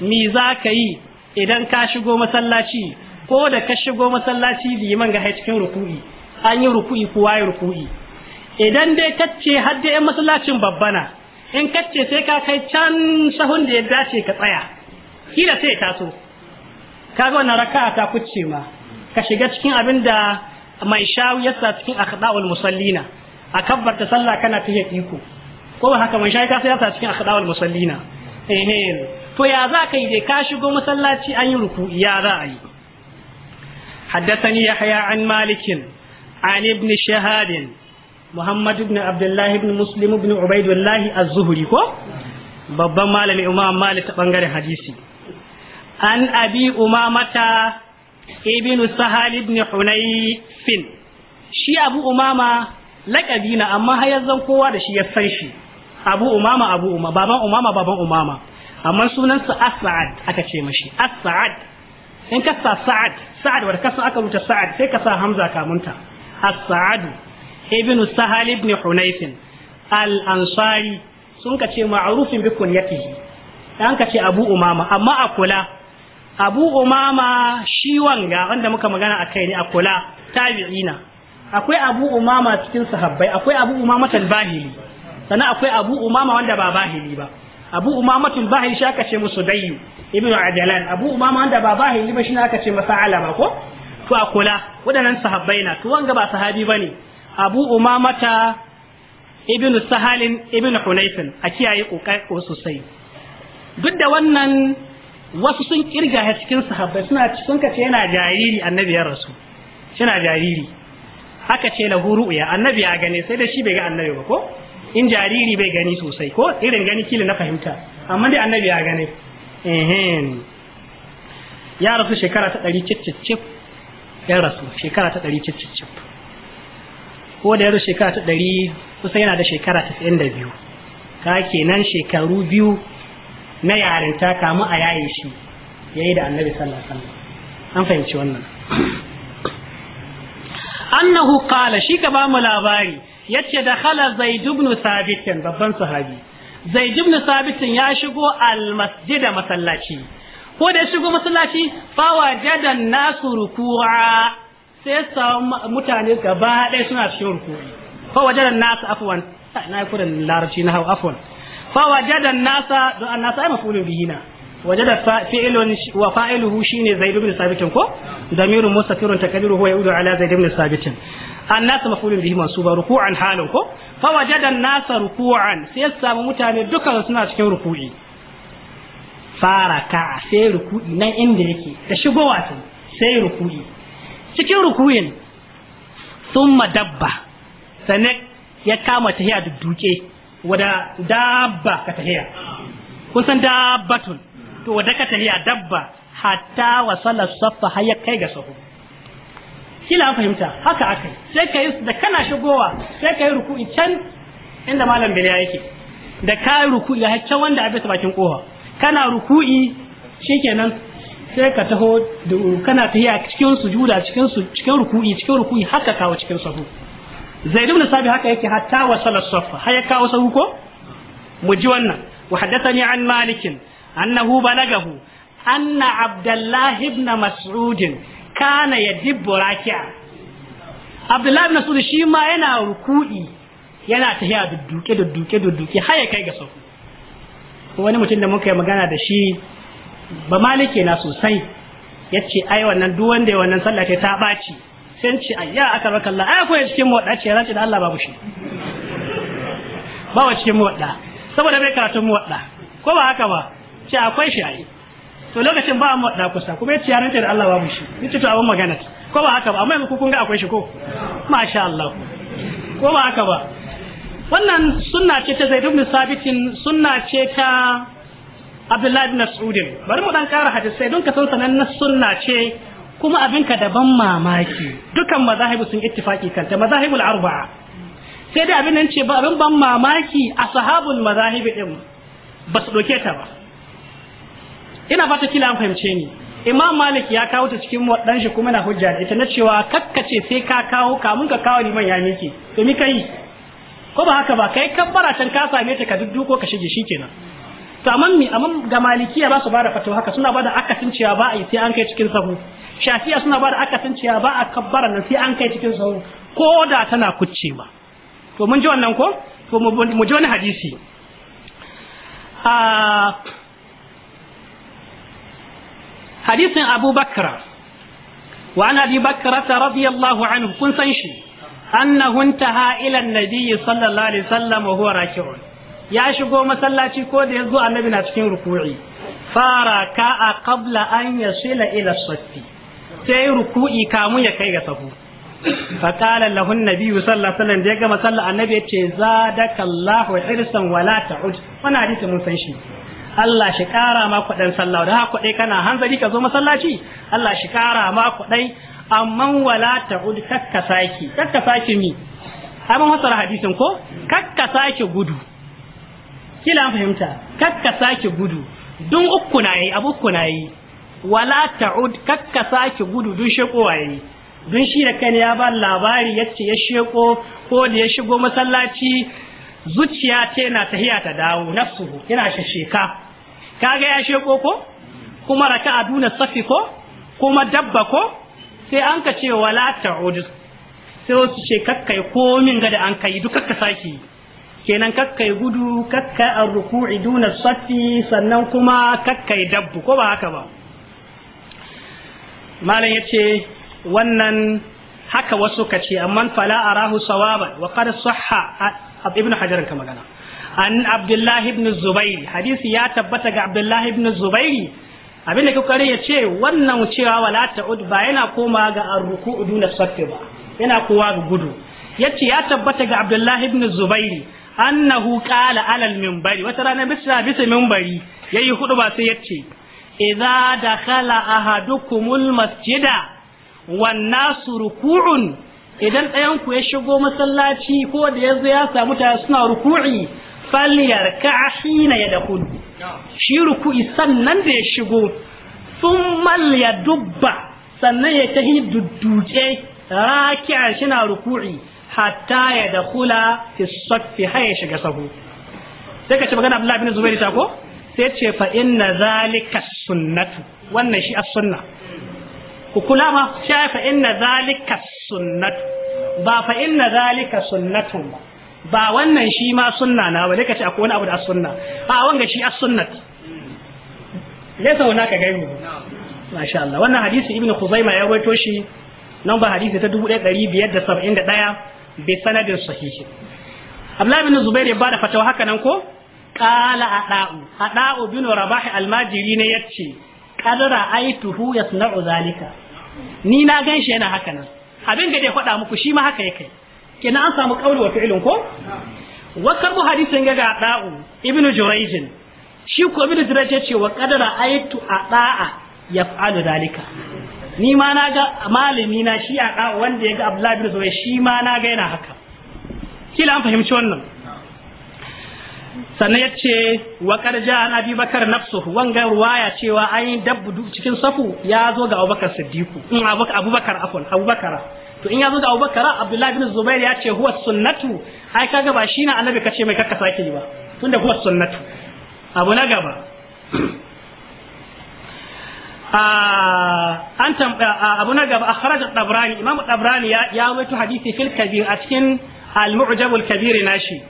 mi za ka yi idan ka shigo masallaci ko da ka shigo masallaci liman ga cikin ruku'i an yi ruku'i ko ya ruku'i idan dai kacce har da 'yan masallacin babbana in kacce sai ka kai can sahun da ya dace ka tsaya kila sai ya taso kaga wannan raka'a ta kucce ma ka shiga cikin abin da mai shawi ya sa cikin akhda'ul musallina a kabbarta sallah kana ta iko ko ba haka mai shawi ka sa cikin akhda'ul musallina eh to ya za ka yi dai ka shigo masallaci an yi ruku ya za a yi حدثني يحيى عن مالك عن ابن شهاد محمد بن عبد الله بن مسلم بن عبيد الله الزهري كو babban malami imam malik ta bangaren hadisi an abi umamata ibn sahal ibn hunayfin shi abu umama laƙabi na amma hayanzan kowa da shi ya san shi abu ma abu umama baban umama baban umama amma sunansa as-sa'ad aka ce mashi as-sa'ad in ka sa sa'ad sa'ad wanda ka aka rubuta sa'ad sai ka sa hamza ta. as saadu ibn sahal ibn hunayfin al-ansari sun ka ce ya bi kunyatihi dan ka ce abu umama amma a kula abu umama shi wanga wanda muka magana a kai ne a kula tabi'ina akwai abu umama cikin sahabbai akwai abu umama talbahili sannan akwai abu umama wanda ba bahili ba abu umama talbahili shi aka ce musu dayyu ibnu adalan abu umama wanda ba bahili ba shi aka ce masa alama ko to a kula waɗannan sahabbai na to wanga ba sahabi bane abu umama ta ibnu sahalin ibnu hunayfin a kiyaye ko sosai duk da wannan wasu sun kirga ya cikin sahabbai suna sun kace yana jariri annabi ya rasu yana jariri haka ce lahu ru'ya annabi ya gane sai da shi bai ga annabi ba ko in jariri bai gani sosai ko irin gani kila na fahimta amma dai annabi ya gane ehem ya rasu shekara ta ɗari cicicif ya rasu shekara ta ɗari cicicif ko da ya rasu shekara ta ɗari kusa yana da shekara 92 da biyu ka kenan shekaru biyu na yarinta kamu a yaye shi yayi da annabi sallallahu alaihi wasallam an fahimci wannan annahu qala shi ka bamu labari yace da khala zaid ibn sabit babban sahabi zaid ibn sabit ya shigo al masjid masallaci ko da shigo masallaci fa wajada nasu ruku'a sai sa mutane gaba ɗaya suna cikin ruku'i fa wajada nasu afwan na yi kudan larabci na hau afwan فوجد الناس دو الناس اي مفعول به هنا وجد فعل وفاعله شين زيد بن ثابت كو ضمير مستتر تقديره هو يعود على زيد بن ثابت الناس مفعول به منصوب ركوعا حاله كو فوجد الناس ركوعا سيسام متاني دكان سنا cikin ركوعي فاركع sai ركوعي nan inda yake da shigo wato sai ruku'i cikin ruku'in thumma dabba sanek ya kama tahiya dudduke wada dabba ka tahiya kun san dabbatun to wada ka tahiya dabba hatta wasala saffa har kai ga sahu kila an fahimta haka akai sai ka yi da kana shigowa sai ka yi ruku'i can inda malam biliya yake da ka yi ruku'i har can wanda abin ta bakin kowa kana ruku'i shikenan sai ka taho kana tahiya cikin sujuda cikin cikin ruku'i cikin ruku'i haka kawo cikin sahu Zaidu ibn sabi haka yake hatta wasala safa har ya kawo sahu mu ji wannan wa haddathani an malikin annahu balagahu anna abdullahi ibn mas'ud kana yadibbu raki'a abdullahi ibn mas'ud shi ma yana ruku'i yana tahiya da duke da duke duke har ya kai ga sahu wani mutum da muka yi magana da shi ba malike na sosai yace ai wannan duk wanda ya wannan sallah ta ɓaci sai ce ayya aka raka Allah ai akwai cikin muwadda ce race da Allah babu shi ba wa cikin muwadda saboda bai karatun muwadda ko ba haka ba ce akwai shi ai to lokacin ba muwadda kusa kuma ya ce ya race da Allah babu shi yace to abin magana ko ba haka ba amma yanzu kun ga akwai shi ko masha Allah ko ba haka ba wannan sunna ce ta Zaid ibn Sabitin sunna ce ta Abdullahi ibn Mas'ud bari mu dan kara hadisai don ka san sanan sunna ce kuma abin ka daban mamaki dukan mazahibu sun ittifaki kanta mazahibul arba'a sai dai abin nan ce ba abin ban mamaki ashabul mazahibi din ba su doke ta ba ina fata kila an fahimce ni imam malik ya kawo ta cikin wadan shi kuma na hujja da ita na cewa kakkace sai ka kawo kamun ka kawo liman ya miki to mi kai ko ba haka ba kai kabbara can ka same ta ka dudduko ka shige shikenan to amma mi amma ga malikiya ba su ba da haka suna ba da akasin cewa ba a yi sai an kai cikin sahu shafiya suna ba da akasin cewa ba a kabbara nan sai an kai cikin sahu ko da tana kuccewa to mun ji wannan ko to mu ji wani hadisi a ah, hadisin Abu Bakr wa an Abi Bakr radiyallahu anhu kun san shi annahu intaha ila an-nabi sallallahu alaihi wasallam wa huwa raki'un ya shigo masallaci ko da yazo annabi na cikin ruku'i fara ka'a qabla an yasila ila as-safi sai ruku'i kamun ya kai ga safu fa qala lahu an-nabi sallallahu alaihi wasallam da ya gama sallah annabi ya ce za zadakallahu hirsan wala ta'ud wannan hadisi mun san shi Allah shi kara ma kuɗin sallah da haka kuɗai kana hanzari ka zo masallaci Allah shi kara ma kuɗai amma wala ta'ud kakka saki kakka saki mi amma fasara hadisin ko kakka saki gudu kila fahimta kakka saki gudu dun uku na yi abu uku na yi wala ta'ud kakka sake gudu dun sheko waye dun shi da kai ya ba labari yace ya sheko ko da ya shigo masallaci zuciya ce na tahiya ta dawo nafsuhu yana shesheka kaga ya sheko ko kuma raka duna safi ko kuma dabba ko sai an ka ce wala ta'ud sai wasu ce kakkai komin ga da an kai duk kakka sake kenan kakkai gudu kakkai arruku'i duna safi sannan kuma kakkai dabbu ko ba haka ba malam yace wannan haka wasu ka ce amma fala arahu sawaban wa qad sahha ibn hajar ka magana an abdullah ibn zubair hadisi ya tabbata ga abdullah ibn zubair abin da ya ce wannan cewa wala ta'ud ba yana koma ga arruku duna safi ba yana kowa ga gudu yace ya tabbata ga abdullah ibn zubair annahu qala alal minbari wata rana bisa bisa minbari yayi hudu ba sai yace idza dakhala ahadukumul masjida wan nasu ruku'un idan ɗayanku ya shigo masallaci ko da yanzu ya samu ta suna ruku'i falyarka da kun, shi ruku'i sannan da ya shigo Sun ya dubba, sannan ya tahi dudduce raki'a shina ruku'i hatta ya kula, fi har haya shiga sahu sai ka ce magana Abdullahi bin zubairi ta ko sai ce fa inna zalika sunnatu wannan shi as-sunna ku kula ma sai fa inna zalika sunnatu ba fa inna zalika sunnatun ba ba wannan shi ma sunna na ba dai ce akwai wani abu da as-sunna a wanga shi as-sunnat ka gani mu? masha Allah wannan hadisi ibnu khuzaima ya rawaito shi nan ba hadisi ta 1571 bi sanadin sahihi Abdullahi Ibn Zubair ya bada fatawa haka nan ko kala hada'u aɗa'u bin rabahi almajiri ne yace kadara aituhu yasna'u zalika ni na ganshi yana haka abin da dai faɗa muku shi ma haka yake kina an samu kauli wa fi'lin ko wakar bu hadisin ga da'u Juraijin jurayj shi ko ibnu jurayj yace wa kadara aitu ada'a yaf'alu zalika ni ma na ga malami shi a wanda ya ga abdullahi bin zubair shi ma na ga yana haka kila an fahimci wannan sannan ya ce wa karja an abi bakar nafsu wanga ruwaya cewa an yi dabbu cikin safu ya zo ga abubakar siddiku in abubakar afon abubakar to in ya zo ga abubakar abdullahi bin zubair ya ce huwa sunnatu ai kaga ba shi na annabi kace mai kakka sake yi ba tunda huwa sunnatu abu na gaba ah, an tambaya ah, abu na gaba akhraj dabrani imam dabrani ya ya rawaito hadisi fil kabir a cikin al-mu'jam al-kabir nashi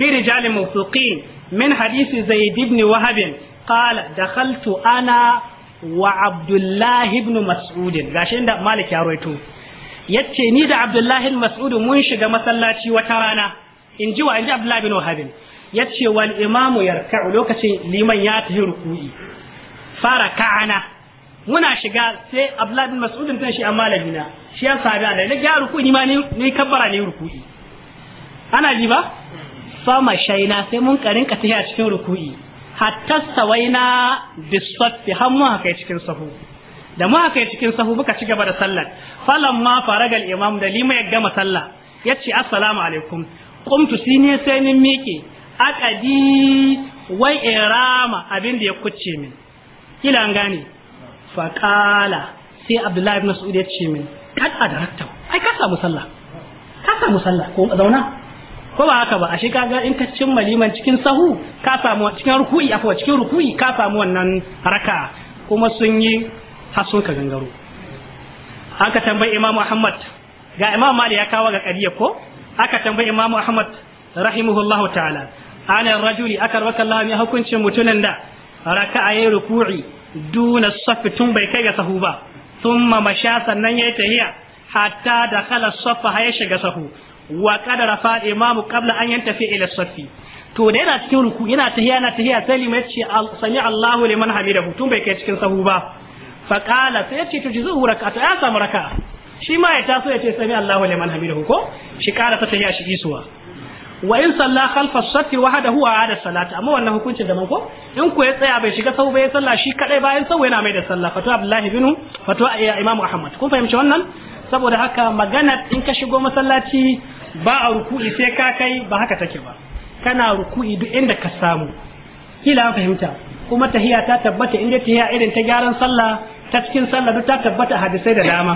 برجال موثوقين من حديث زيد بن وهب قال دخلت أنا وعبد الله بن مسعود غاشين دا مالك يا رويتو yace ni da Abdullahi Mas'ud mun shiga masallaci wata rana in ji wa in ji Abdullahi bin Wahab yace wal imamu yarka'u lokacin liman ya tafi ruku'i fara ka'ana muna shiga sai Abdullahi bin Mas'ud tun shi amma labina shi ya sabi Allah ne ga ruku'i ma ni ni kabbara ne ruku'i ana ji ba fama shaina sai mun karin ka tashi a cikin ruku'i hatta sawaina bisaffi har mu haka cikin sahu da mu haka cikin sahu muka ci gaba da sallar ma faragal imam da lima ya gama sallah yace assalamu alaikum qumtu sine sai nin miƙe aqadi wai irama abin da ya kucce min kila an gane faqala sai abdullahi ibn mas'ud ya ce min kad adrakta ai ka samu sallah ka samu sallah ko zauna ko ba haka ba a shi kaga in ka cin maliman cikin sahu ka samu cikin ruku'i afwa cikin ruku'i ka samu wannan raka kuma sun yi hasun ka gangaro aka tambayi imam Ahmad ga imam Malik ya kawo ga kadiya ko aka tambayi imam Ahmad rahimahullahu ta'ala ana rajuli aka rabaka Allah ya hukuncin mutunan da raka'a ruku'i duna safi tun bai kai ga sahu ba thumma masha sannan yayi tahiya hatta dakhala safa ya shiga sahu wa da rafa imamu qabla an yantafi ila safi to da yana cikin ruku yana tahiya yana tahiya sai limai ce sami Allahu liman hamidahu tun bai kai cikin sahu ba fa qala sai yace to jizu rak'atu ya samu raka'a shi ma ya taso ya ce sami Allahu liman hamidahu ko shi kara ta tahiya shi isuwa wa in salla khalfa as-safi wahdahu wa ada salata amma wannan hukuncin da ko in ku ya tsaya bai shiga sahu bai sallah shi kadai bayan sahu yana mai da sallah fatu Abdullahi bin fatu imamu Ahmad kun fahimci wannan saboda haka magana in ka shigo masallaci ba a ruku'i sai ka kai ba haka take ba kana ruku'i duk inda ka samu kila fahimta kuma tahiya ta tabbata inda tahiyya irin ta gyaran sallah ta cikin sallah duk ta tabbata hadisai da dama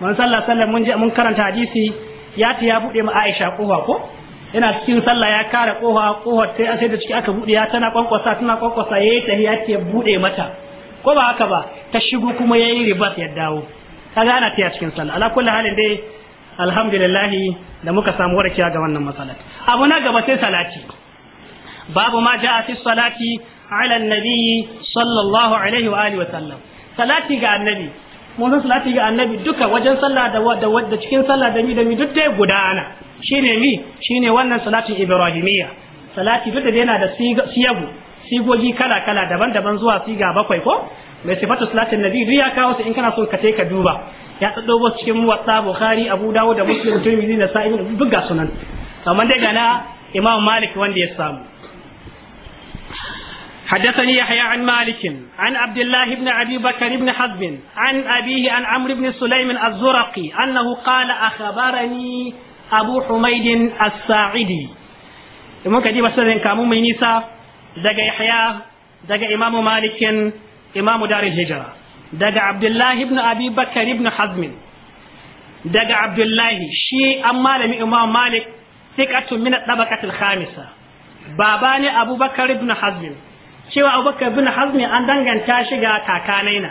man sallah sallah mun je mun karanta hadisi ya ta ya bude ma Aisha kofa ko ina cikin sallah ya kare kofa kofar sai sai da ciki aka bude ya tana kwankwasa tana kwankwasa yayi tahiya ta bude mata ko ba haka ba ta shigo kuma yayi ribas ya dawo kaga ana tiya cikin sallah ala kullu halin dai alhamdulillah da muka samu warkewa ga wannan matsalar abu na gaba sai salati babu ma ja'a fi salati ala annabi sallallahu alaihi wa alihi wa sallam salati ga annabi mun san salati ga annabi duka wajen sallah da wadda cikin sallah da mi da mi duk dai gudana shine mi shine wannan salatin ibrahimiyya salati duk da yana da siyagu sigogi kala kala daban-daban zuwa siga bakwai ko mai sifatu salatin nabi duk ya kawo su in kana so ka ka duba ya tsado wasu cikin muwatta bukhari abu dawud da muslim tirmidhi da sa'i duk buga sunan amma daga na imam malik wanda ya samu حدثني يحيى عن مالك عن عبد الله بن ابي بكر بن حزم عن ابيه عن عمرو بن سليم الزرقي انه قال اخبرني ابو حميد الساعدي mun ka ji masarin kamu mai nisa daga yahya daga imamu malikin darin hijira daga abdullahi ibn abi bakar ibn hazmin daga abdullahi shi an malami imam malik thiqatun min tabaqatil khamisa baba ne abubakar ibn hazmin cewa abubakar ibn hazmin an danganta shi ga kakanaina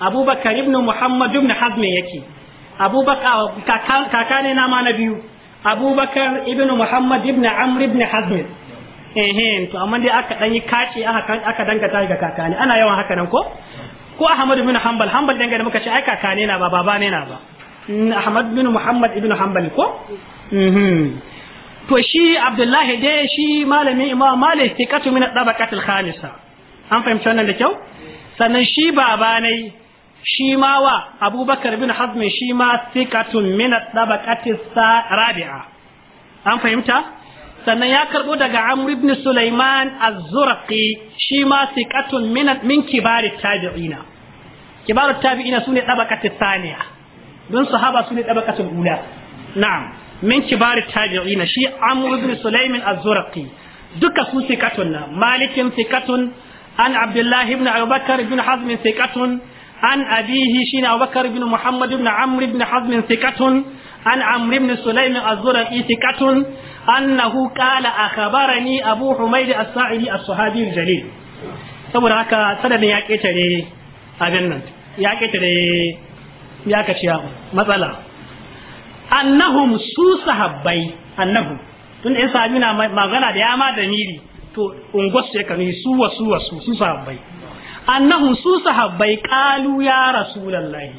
abubakar ibn muhammad ibn hazmin yake abubakar ah, kakanaina ma na biyu abubakar ibn muhammad ibn amr ibn hazmin ehem to amma dai aka dan yi kace aka aka danganta shi ga kakani ana yawan haka nan ko ko Ahmad bin Hanbal Hanbal dangane muka ce ai kaka ne na ba baba ne na ba mm, Ahmad bin Muhammad ibn Hanbal ko mhm. to shi Abdullahi dai shi malamin Imam Malik thiqatu min ad-dabaqat al-khamisa an fahimci wannan da kyau sannan shi baba ne shi ma wa Abubakar bin Hazm shi ma thiqatu min ad-dabaqat rabi'a an fahimta sannan ya karbo daga amr ibn sulaiman az-zurqi shi ma siqatun min min kibari tabi'ina kibaru tabi'ina sune tabaqatu thaniya don sahaba sune tabaqatu ula na'am min kibari tabi'ina shi amr ibn sulaiman az-zurqi duka su siqatun na malikin siqatun an abdullah ibn abubakar ibn hazm siqatun an abihi shine abubakar bin muhammad ibn amr ibn hazm siqatun an amr ibn sulaiman az-zurqi siqatun annahu qala akhbarani abu humayd as-sa'idi as-sahabi al-jalil saboda haka sanadin ya ketare abin nan ya ketare ya kace matsala annahum su sahabbai annahum tun da sahabi na magana da yama da miri to ungwas ya kanu su wasu wasu su sahabbai annahum su sahabbai qalu ya rasulullahi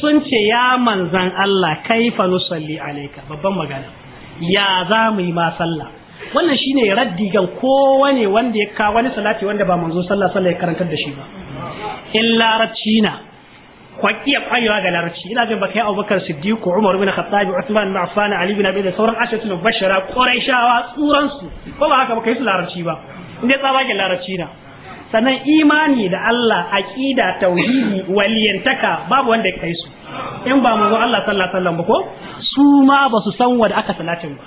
sun ce ya manzan Allah kaifa nusalli alayka babban magana ya za mu yi ma sallah wannan shine raddi gan kowane wanda ya kawo wani salati wanda ba manzo sallah sallah ya karantar da shi ba in larabci na kwaki ya kwayewa ga larabci ina jin baka yi abubakar umar bin khattabi uthman bin affan ali bin abi da sauran ashatu bashara quraishawa tsuran su ko ba haka baka yi su larabci ba inda tsaba ga larabci na sannan imani da Allah aqida tauhidi waliyantaka babu wanda ya kai su in ba manzo Allah sallallahu alaihi wasallam ba ko su ma ba su san wanda aka salatin ba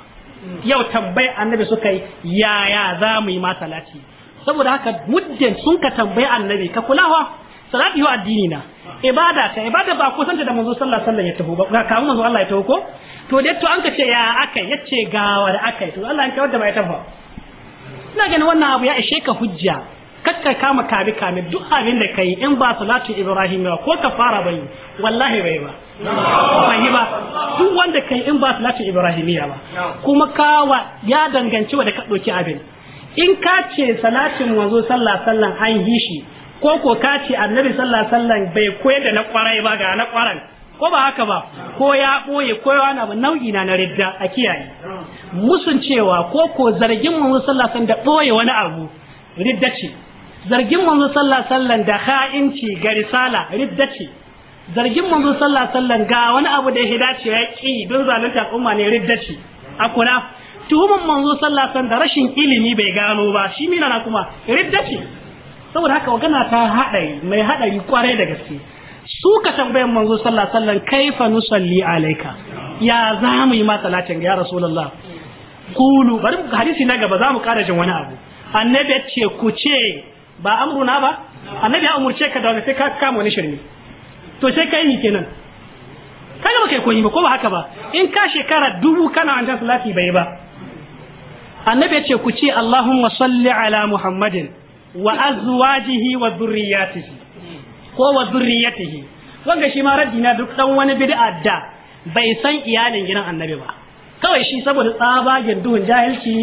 yau tambayi annabi suka yi yaya za mu yi ma salati saboda haka muddin sun ka tambayi annabi ka kulawa salati wa addini na ibada ta ibada ba ko santa da manzo sallallahu alaihi wasallam ya taho ba kawun manzo Allah ya taho ko to dai to an ka ce ya akai yace ga wa akai to Allah an kawar da bai tafa ina ganin wannan abu ya ishe ka hujja kakka kama kame kame duk abin da kai in ba salatu ibrahim ba ko kafara bai wallahi bai ba bai ba duk wanda kai in ba salatu ya ba kuma kawa ya danganci wa da ka doki abin in ka ce salatin wazo sallah sallan an yi shi ko ko ka ce annabi sallah sallan bai koyar da na kwarai ba ga na kwaran ko ba haka ba ko ya ɓoye ko ya na nau'i na na ridda a kiyaye musun cewa ko ko zargin mu sallah sallan da ɓoye wani abu ridda ce zargin manzo sallallahu alaihi wasallam da ha'inci ga risala ridda ce zargin manzo sallallahu alaihi wasallam ga wani abu da ya dace ya ki don zalunta umma ne ridda ce a kula tuhumin manzo sallallahu alaihi wasallam da rashin ilimi bai gano ba shi mina na kuma ridda ce saboda haka magana ta hadari mai hadari kwarai da gaske su ka tambayan manzo sallallahu alaihi wasallam kaifa nusalli alaika ya za mu yi ma salatin ya rasulullah kulu bari hadisi na gaba za mu kara jin wani abu annabi ce ku ce ba amruna ba annabi ya umurce ka daga sai ka kama wani shirme to sai kai ni kenan kaga ba kai koyi ba ko ba haka ba in ka shekara dubu kana an salati bai ba annabi ya ce ku ce allahumma salli ala muhammadin wa azwajihi wa dhurriyyatihi ko wa dhurriyyatihi wanga shi ma raddi na duk dan wani bid'a da bai san iyalin gidan annabi ba kawai shi saboda tsabagen duhun jahilci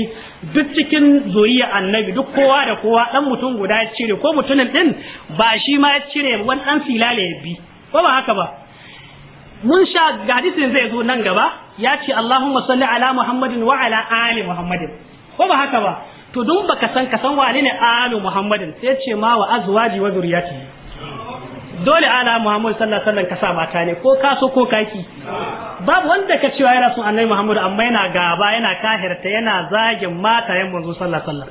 duk cikin zuriya annabi duk kowa da kowa dan mutum guda ya cire ko mutumin din ba shi ma ya cire wani dan silale ya bi ko ba haka ba mun sha hadisin zai zo nan gaba ya ce Allahumma salli ala Muhammadin wa ala ali Muhammadin ko ba haka ba to dun baka san ka san wane ne alu Muhammadin sai ce ma wa azwaji wa zuriyatihi dole ana Muhammadu sallallahu alaihi wasallam ka sa mata ne ko kaso ko kaki babu wanda ka cewa yana son Annabi Muhammadu amma yana gaba yana kahirta yana zagin mata yan manzo sallallahu alaihi wasallam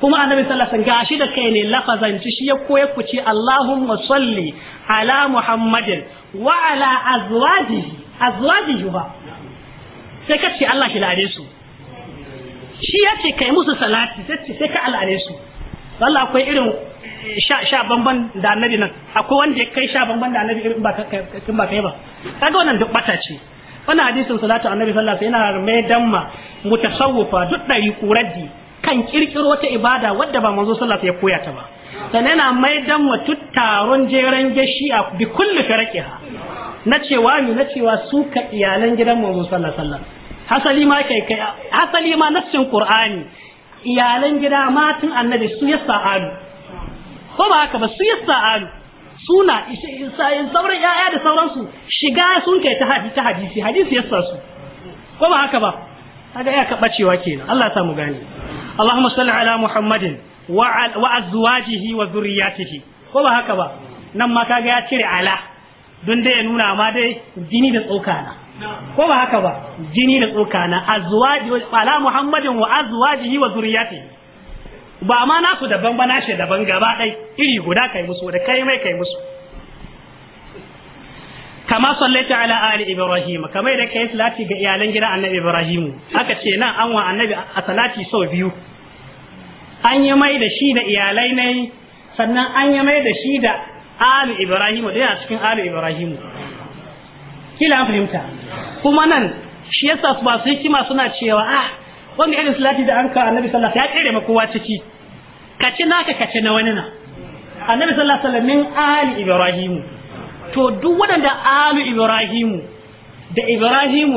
kuma Annabi sallallahu alaihi wasallam gashi da kai ne lafazan ci shi ya koya ku ce Allahumma salli ala Muhammadin wa ala azwajihi azwajihi ba sai ka ce Allah shi lare su shi ya ce kai musu salati sai ka al'are su wallahi akwai irin sha sha bamban da annabi nan akwai wanda ya kai sha bamban da annabi in ba kin ba kai ba kaga wannan duk bata ce wannan hadisin salatu annabi sallallahu alaihi wasallam yana mai damma mutasawwifa duk dari kuraddi kan kirkiro wata ibada wadda ba manzo sallallahu alaihi wasallam ya koya ta ba sannan yana mai damma tuttaron jeren gashiya bi kulli farqiha na cewa mi na cewa su ka iyalan gidan manzo sallallahu alaihi wasallam hasali ma kai kai hasali ma nassin qur'ani iyalan gida matan annabi su ya sa'adu ko ba haka ba su yi sa'alu suna isayin sauran ya'ya da sauransu shiga sun kai ta hadisi hadisi ya sa su ko ba haka ba kaga ya kaɓa cewa kenan Allah ya samu gani Allahumma salli ala Muhammadin wa azwajihi wa zurriyatihi ko ba haka ba nan ma kaga ya cire ala don dai ya nuna ma dai jini da tsoka na ko ba haka ba jini da tsoka na azwaji ala Muhammadin wa azwajihi wa zurriyatihi ba ma nasu daban ba nashi daban gaba ɗai iri guda kai musu da kai mai kai musu kama sallaita ala ali ibrahim kamar da kai salati ga iyalan gidan annabi ibrahim aka ce nan an wa annabi a salati sau biyu an yi mai da shi da iyalai ne sannan an yi mai da shi da ali ibrahim da yana cikin ali ibrahim kila an fahimta kuma nan shi yasa ba su hikima suna cewa ah wanda irin salati da an ka annabi sallallahu alaihi wasallam ya tsere kowa ciki kace naka kace na wani na annabi sallallahu alaihi wasallam min ali ibrahim to duk wadanda alu ibrahim da ibrahim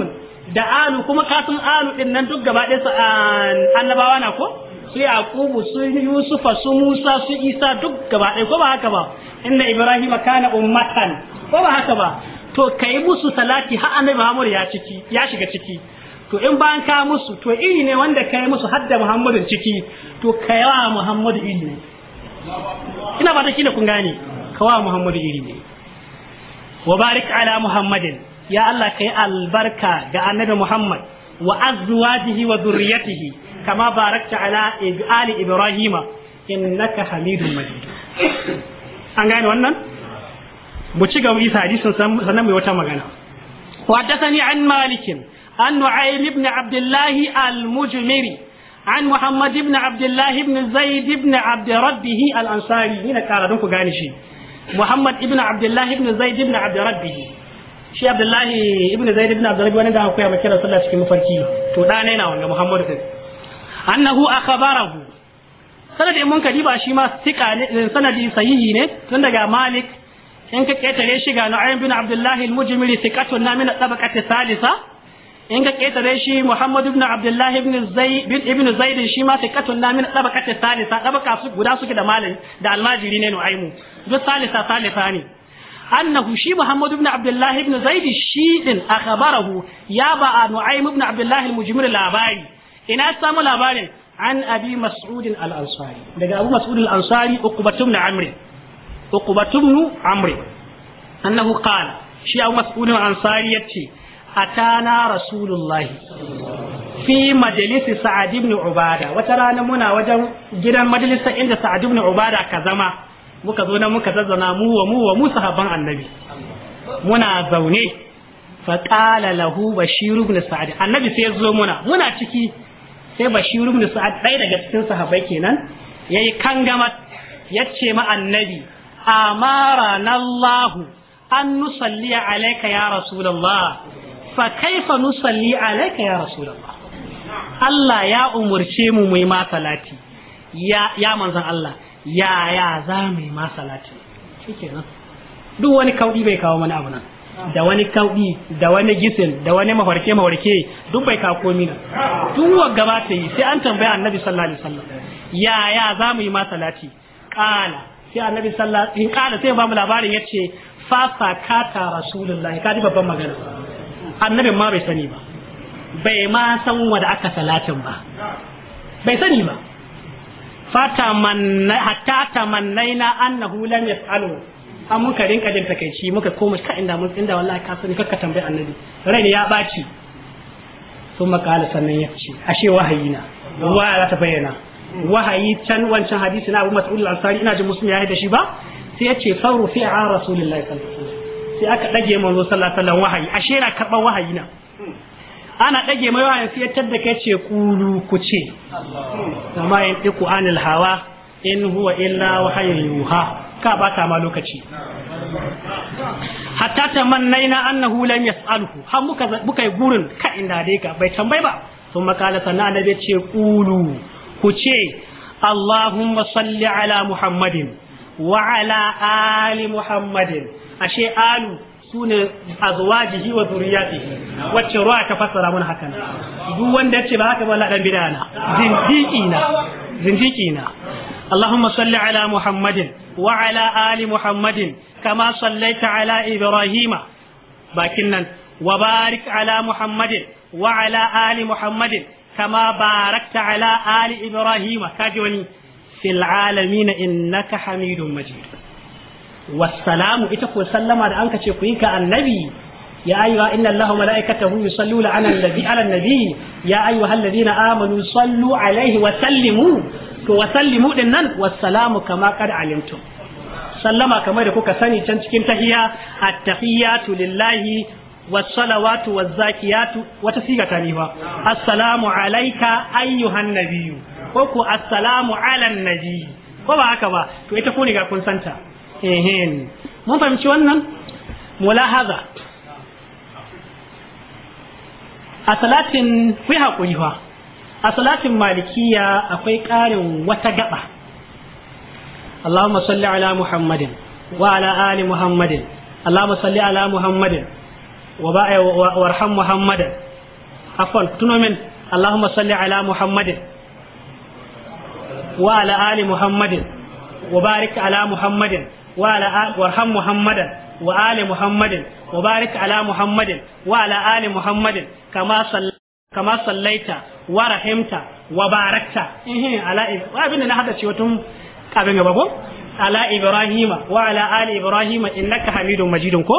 da alu kuma kasan alu din nan duk gaba ɗaya su ah, annabawa na ko su yaqubu su Yusuf, su musa su isa duk gaba ɗaya ko ba haka ba inna ibrahim kana ummatan ko ba haka ba to kai musu salati ha annabi Muhammad ya ciki ya shiga ciki to in ba an ka musu to iri ne wanda kai musu hadda muhammadin ciki to kai wa muhammadu iri ne ina ba ta kila kun gane ka wa muhammadu iri ne wa barik ala muhammadin ya allah ka yi albarka ga annabi muhammad wa azwajihi wa zurriyatihi kama barakta ala ali ibrahima innaka hamidun majid an gane wannan mu ci gaba isa hadisin sannan mai wata magana Wa وحدثني an malikin. عن نعيم بن عبد الله المجمري عن محمد بن عبد الله بن زيد بن عبد ربه الأنصاري هنا كاردون كغانشي محمد بن عبد الله بن زيد بن عبد ربه shi abdullahi ibn zaid ibn abdurrahman wani da akwai mai kira sallah cikin mafarki to da ne na wanga muhammadu din annahu akhbarahu sanadin mun kadiba shi ma sika ne sanadi sahihi ne tun daga malik in ka ketare shi ga nu'aym bin abdullahi al-mujmiri thiqatun na min tabaqati Salisa. in ka ketare shi Muhammad ibn Abdullah ibn Zaid ibn Zaid shi ma sai tikatun na min dabaqati salisa ka su guda suke da malami da almajiri ne Nu'aimu duk salisa salisa ne annahu shi Muhammad ibn Abdullah ibn Zaid shi din akhbarahu ya ba Nu'aim ibn Abdullah al-Mujmir labari ina samu labarin an abi mas'ud al-ansari daga abu mas'ud al-ansari uqbatum na amri uqbatum amri annahu qala shi abu mas'ud al-ansari yace atana rasulullahi fi majalisi sa'ad ibn ubada wata rana muna wajen gidan majalisa inda sa'ad ibn ubada ka zama muka zo nan muka zazzana mu wa mu wa musa haban annabi muna zaune fa qala lahu bashir ibn sa'ad annabi sai ya zo muna muna ciki sai bashir ibn sa'ad ɗaya daga cikin sahabbai kenan yayi kangama yace ma annabi amara nallahu an nusalli alayka ya rasulullah fa kaifa nusalli alayka ya rasulullah Allah ya umurce mu mu yi ma salati ya ya manzon Allah ya ya za mu yi ma salati shikenan duk wani kaudi bai kawo mana abu nan da wani kaudi da wani gisin da wani mafarke mafarke duk bai kawo komi nan Duk wa gaba ta yi sai an tambaya annabi sallallahu alaihi wasallam ya ya za mu yi ma salati qala sai annabi sallallahu in qala sai ba mu labarin yace fa fa kata rasulullahi kadi babban magana annabin ma bai sani ba bai ma san wanda aka salatin ba bai sani ba Fata manna, hatta tamannaina annahu lam yaf'alu an muka rinka jin takeici muka koma ka inda mun inda wallahi ka sani kakka tambayi annabi rai ya baci sun makala sannan ya ce ashe wahayi na waya za ta bayyana wahayi can wancan hadisi na abu mas'ud al-ansari ina jin musulmi ya da shi ba sai ya ce faru fi'a rasulullahi sallallahu alaihi wasallam sai aka dage manzo sallallahu alaihi wasallam wahayi ashe yana karba wahayi na ana ɗage mai wahayi sai da kai ce kulu ku ce amma in diku anil hawa in huwa illa wahayun yuha ka ta ma lokaci hatta tamannaina annahu lam yas'alhu har muka muka yi gurin ka inda dai ka bai tambayi ba sun makala sannan annabi ce kulu ku ce Allahumma salli ala Muhammadin wa ala ali Muhammadin ashe alu sune azwajihi wa zuriyatihi wacce ruwa ta fassara mun hakan duk wanda yace ba haka ba Allah dan bid'a na zindiki na zindiki na اللهم صل على محمد وعلى آل محمد كما صليت على إبراهيم باكنا وبارك على محمد وعلى آل محمد كما باركت على آل إبراهيم كاجوني في العالمين إنك حميد مجيد wassalamu ita ko sallama da anka ce ku yi ka annabi ya ayyuha inna allaha malaikatahu yusalluna ala nabi ala nabi ya ayyuha alladhina amanu sallu alaihi wa sallimu to wa sallimu din nan wassalamu kama kad alimtum sallama kamar da kuka sani can cikin tahiyya at lillahi was-salawatu wata siga ta niwa assalamu alayka ayyuhan nabiyyu ko ku assalamu ala nabi ko ba haka ba to ita ko ne ga kun santa ehin mun fahimci wannan mulahaza a salatin kuyi haƙuri fa a salatin malikiya akwai ƙarin wata gaba Allahumma salli ala Muhammadin wa ala ali Muhammadin Allahumma salli ala Muhammadin wa ba'a Muhammadin afwan tuno min Allahumma salli ala Muhammadin wa ala ali Muhammadin wa barik ala Muhammadin وعلى وارحم محمدا وآل محمد وبارك على محمد وعلى آل محمد كما صلى كما صليت ورحمت وباركت على وابن نحدث شيوتهم abin gaba ko ala ibrahima wa ala ali ibrahima innaka hamidun majidun ko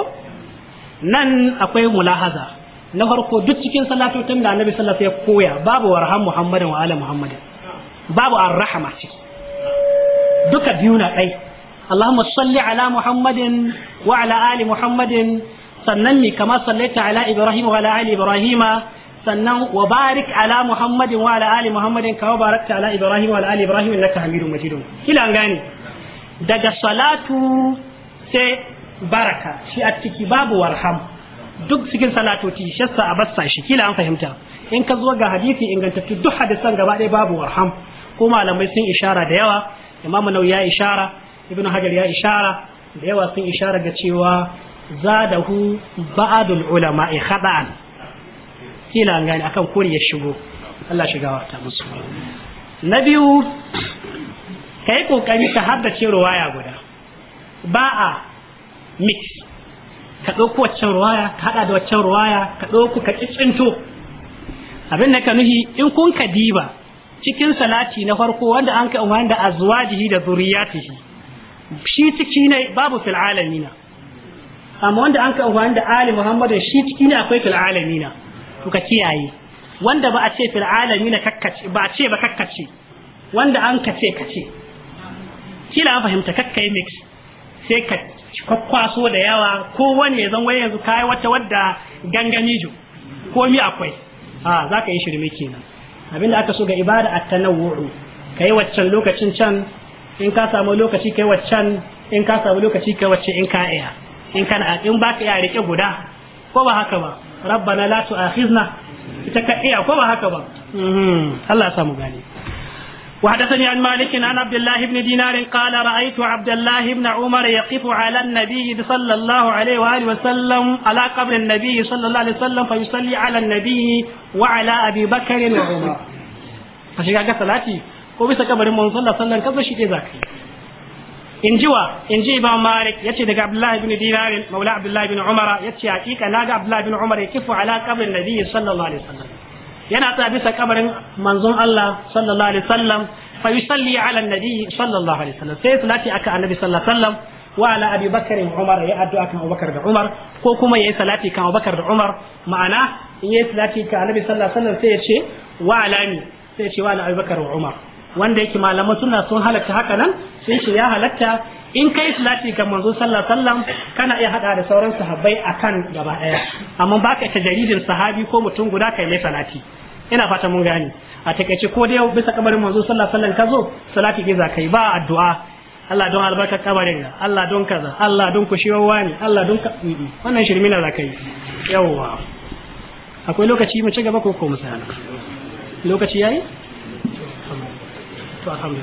nan akwai mulahaza na farko duk cikin salatotin da annabi sallallahu alaihi koya babu warham muhammadin wa ala muhammadin babu ciki duka biyu na اللهم صل على محمد وعلى آل محمد sannan mi kama sallaita ala ibrahim wa ala sannan wa barik ala muhammadin wa ali muhammadin kama barakta ala ibrahim wa ala ali ibrahim innaka hamidum majid kila gane daga salatu sai baraka shi a ciki babu warham duk cikin salatoti shassa a bassa shi kila an fahimta in ka zo ga hadisi ingantattu duk hadisan gaba ɗaya babu warham ko malamai sun ishara da yawa imamu nau ya ishara ibn hajar ya ishara da yawa sun ishara ga cewa hu ba'adul ulama haɗa'an kila an akan kore ya shigo Allah shiga ta musu na biyu ka yi kokari ta ce ruwaya guda Ba a mix ka ɗauko waccan ruwaya ka haɗa da waccan ruwaya ka ɗauko ka ƙiƙinto abin da ka nuhi in kun ka diba cikin salati na farko wanda an ka umarni da zuri da zuriyatihi shi ciki ne babu fil alamina amma wanda an ka uwan da ali muhammadu shi ciki ne akwai fil alamina to ka kiyaye wanda ba a ce fil alamina kakkace ba a ce ba kakkace wanda an ka ce kace kila an fahimta kakkai mix sai ka kwakwaso da yawa ko wani ya zan wai yanzu kai wata wadda gangami ju ko mi akwai a ah, za ka yi shirme kenan abinda aka so ga ibada at-tanawwu kai waccan lokacin can in ka samu lokaci kai waccan in ka samu lokaci kai wacce in ka iya in kana a in baka iya rike guda ko ba haka ba rabbana la tu'akhizna ita ka iya ko ba haka ba mhm. Allah ya samu gani وحدثني عن مالك عن عبد الله بن دينار قال رأيت عبد الله بن عمر يقف على النبي صلى الله عليه وآله وسلم على قبر النبي صلى الله عليه وسلم فيصلي على النبي وعلى أبي بكر وعمر فشكا ko bisa kabarin manzo sallallahu alaihi wasallam kaza shi dai zaka in jiwa in ji imam malik yace daga abdullahi ibn dinar maula abdullahi ibn umar yace hakika naga abdullahi ibn umar yakifu ala kabrin nabi sallallahu alaihi wasallam yana ta bisa kabarin manzon Allah sallallahu alaihi wasallam fa yusalli ala nabi sallallahu alaihi wasallam sai salati aka annabi sallallahu alaihi wasallam wa ala abi bakar umar ya addu'a kan abubakar da umar ko kuma yayi salati kan abubakar da umar ma'ana in yayi salati kan annabi sallallahu alaihi wasallam sai ya ce wa ala ni sai ya ce wa ala umar wanda yake malama suna sun halatta haka nan sun shi ya halatta in kai salati ga manzo sallallahu alaihi wasallam kana iya hada da sauran sahabbai akan gaba daya amma baka ta jaridin sahabi ko mutum guda kai mai salati ina fata mun gane a takaice ko da yau bisa kabarin manzo sallallahu alaihi wasallam ka zo salati ke za kai ba addu'a Allah don albarkar kabarin ga Allah don kaza Allah don kushewar ne Allah don wannan shirmina za ka yi yawwa akwai lokaci mu ci gaba ko ko musana lokaci yayi 抓他们！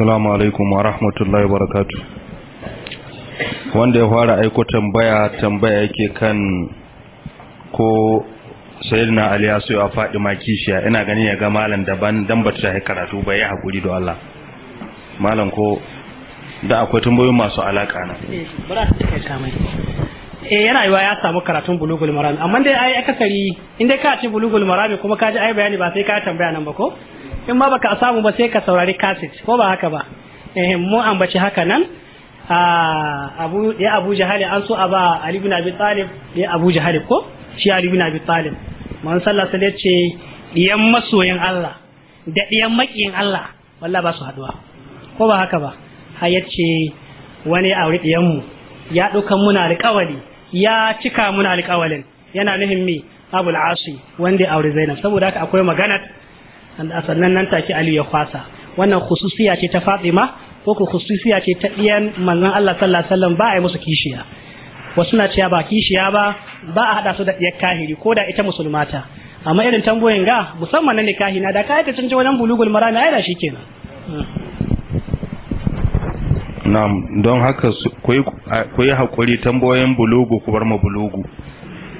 Assalamu alaikum wa rahmatullahi wa barakatu. Wanda ya fara aiko tambaya tambaya yake kan ko sayyidina Ali ya so a Fadima kishiya ina ganin ya ga malam daban dan bata ta karatu ba ya hakuri da Allah. Malam ko da akwai tambayoyi masu alaka na. Eh, bara ta kai kamai. eh ya rayuwa ya samu karatun bulugul marami amma dai ai akasari in dai ka ci bulugul marami kuma ka ji ai bayani ba sai ka tambaya nan ba ko in ma baka samu ba sai ka saurari kaset ko ba haka ba eh mu ambaci haka nan abu ya abu jahali an so a ba ali ibn abi talib ya abu jahali ko shi ali ibn abi talib man sallallahu alaihi ce diyan masoyin Allah da diyan makiyin Allah wallahi ba su haduwa ko ba haka ba hayyace wani aure diyan mu ya dukan muna alƙawari ya cika muna alƙawarin yana nuhin me abul asi wanda aure zainab saboda haka akwai magana sannan nan take Ali ya kwasa wannan khususiya ce ta Fatima ko kususiya khususiya ce ta ɗiyan manzon Allah sallallahu alaihi wasallam ba a yi musu kishiya wasu na cewa ba kishiya ba ba a hada su da ɗiyar kahiri ko da ita musulmata amma irin tambayoyin ga musamman na nikahi na da kai ta canje wajen bulugul marami ai da shikenan hmm. na'am don haka ku yi hakuri tambayoyin bulugu ku bar mu bulugu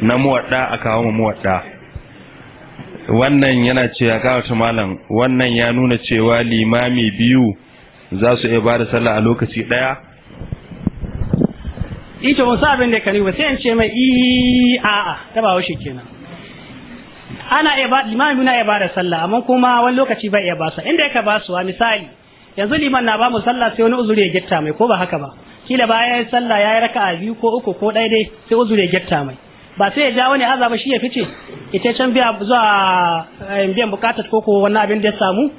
na muwadda a hawo mu muwadda wannan yana ce ya gawata malam wannan ya nuna cewa limami biyu za su iya ba da sallah a lokaci ɗaya ita eh wasu abin da ka ba sai in ce mai ihi a'a ta ba washe kenan ana iya ba limami na iya ba da sallah amma kuma wani lokaci bai iya ba su inda yaka ba su misali yanzu liman na ba mu sallah sai wani uzuri ya gitta mai ko ba haka ba kila bayan sallah ya yi raka'a biyu ko uku ko ɗaya dai sai uzuri ya gitta mai ba sai ya ja wani azaba shi ya fice ita can biya zuwa eh, biyan bukatar ko ko wannan abin da ya samu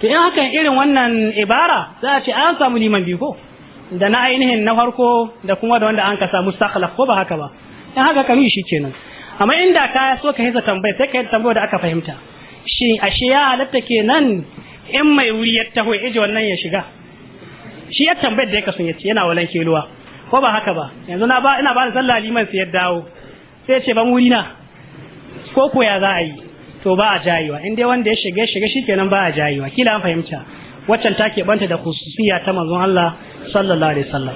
to in hakan irin wannan ibara za a ce an samu liman biyu ko da na ainihin na farko da kuma da wanda an ka samu sakalaf ko ba haka ba in haka yi shi kenan amma inda ka so ka hisa tambayi sai ka yi tambayar da aka fahimta shi ashe ya halatta kenan in mai wuri ya taho ya ije wannan ya shiga shi ya tambayar da ya kasu yana walan keluwa ko ba haka ba yanzu ina ba da sallah liman sai ya dawo sai ce ban wuri na ko ko ya za a yi to ba a jayewa in dai wanda ya shiga shiga shikenan ba a jayewa kila an fahimta waccan take banta da khususiyya ta manzon Allah sallallahu alaihi wasallam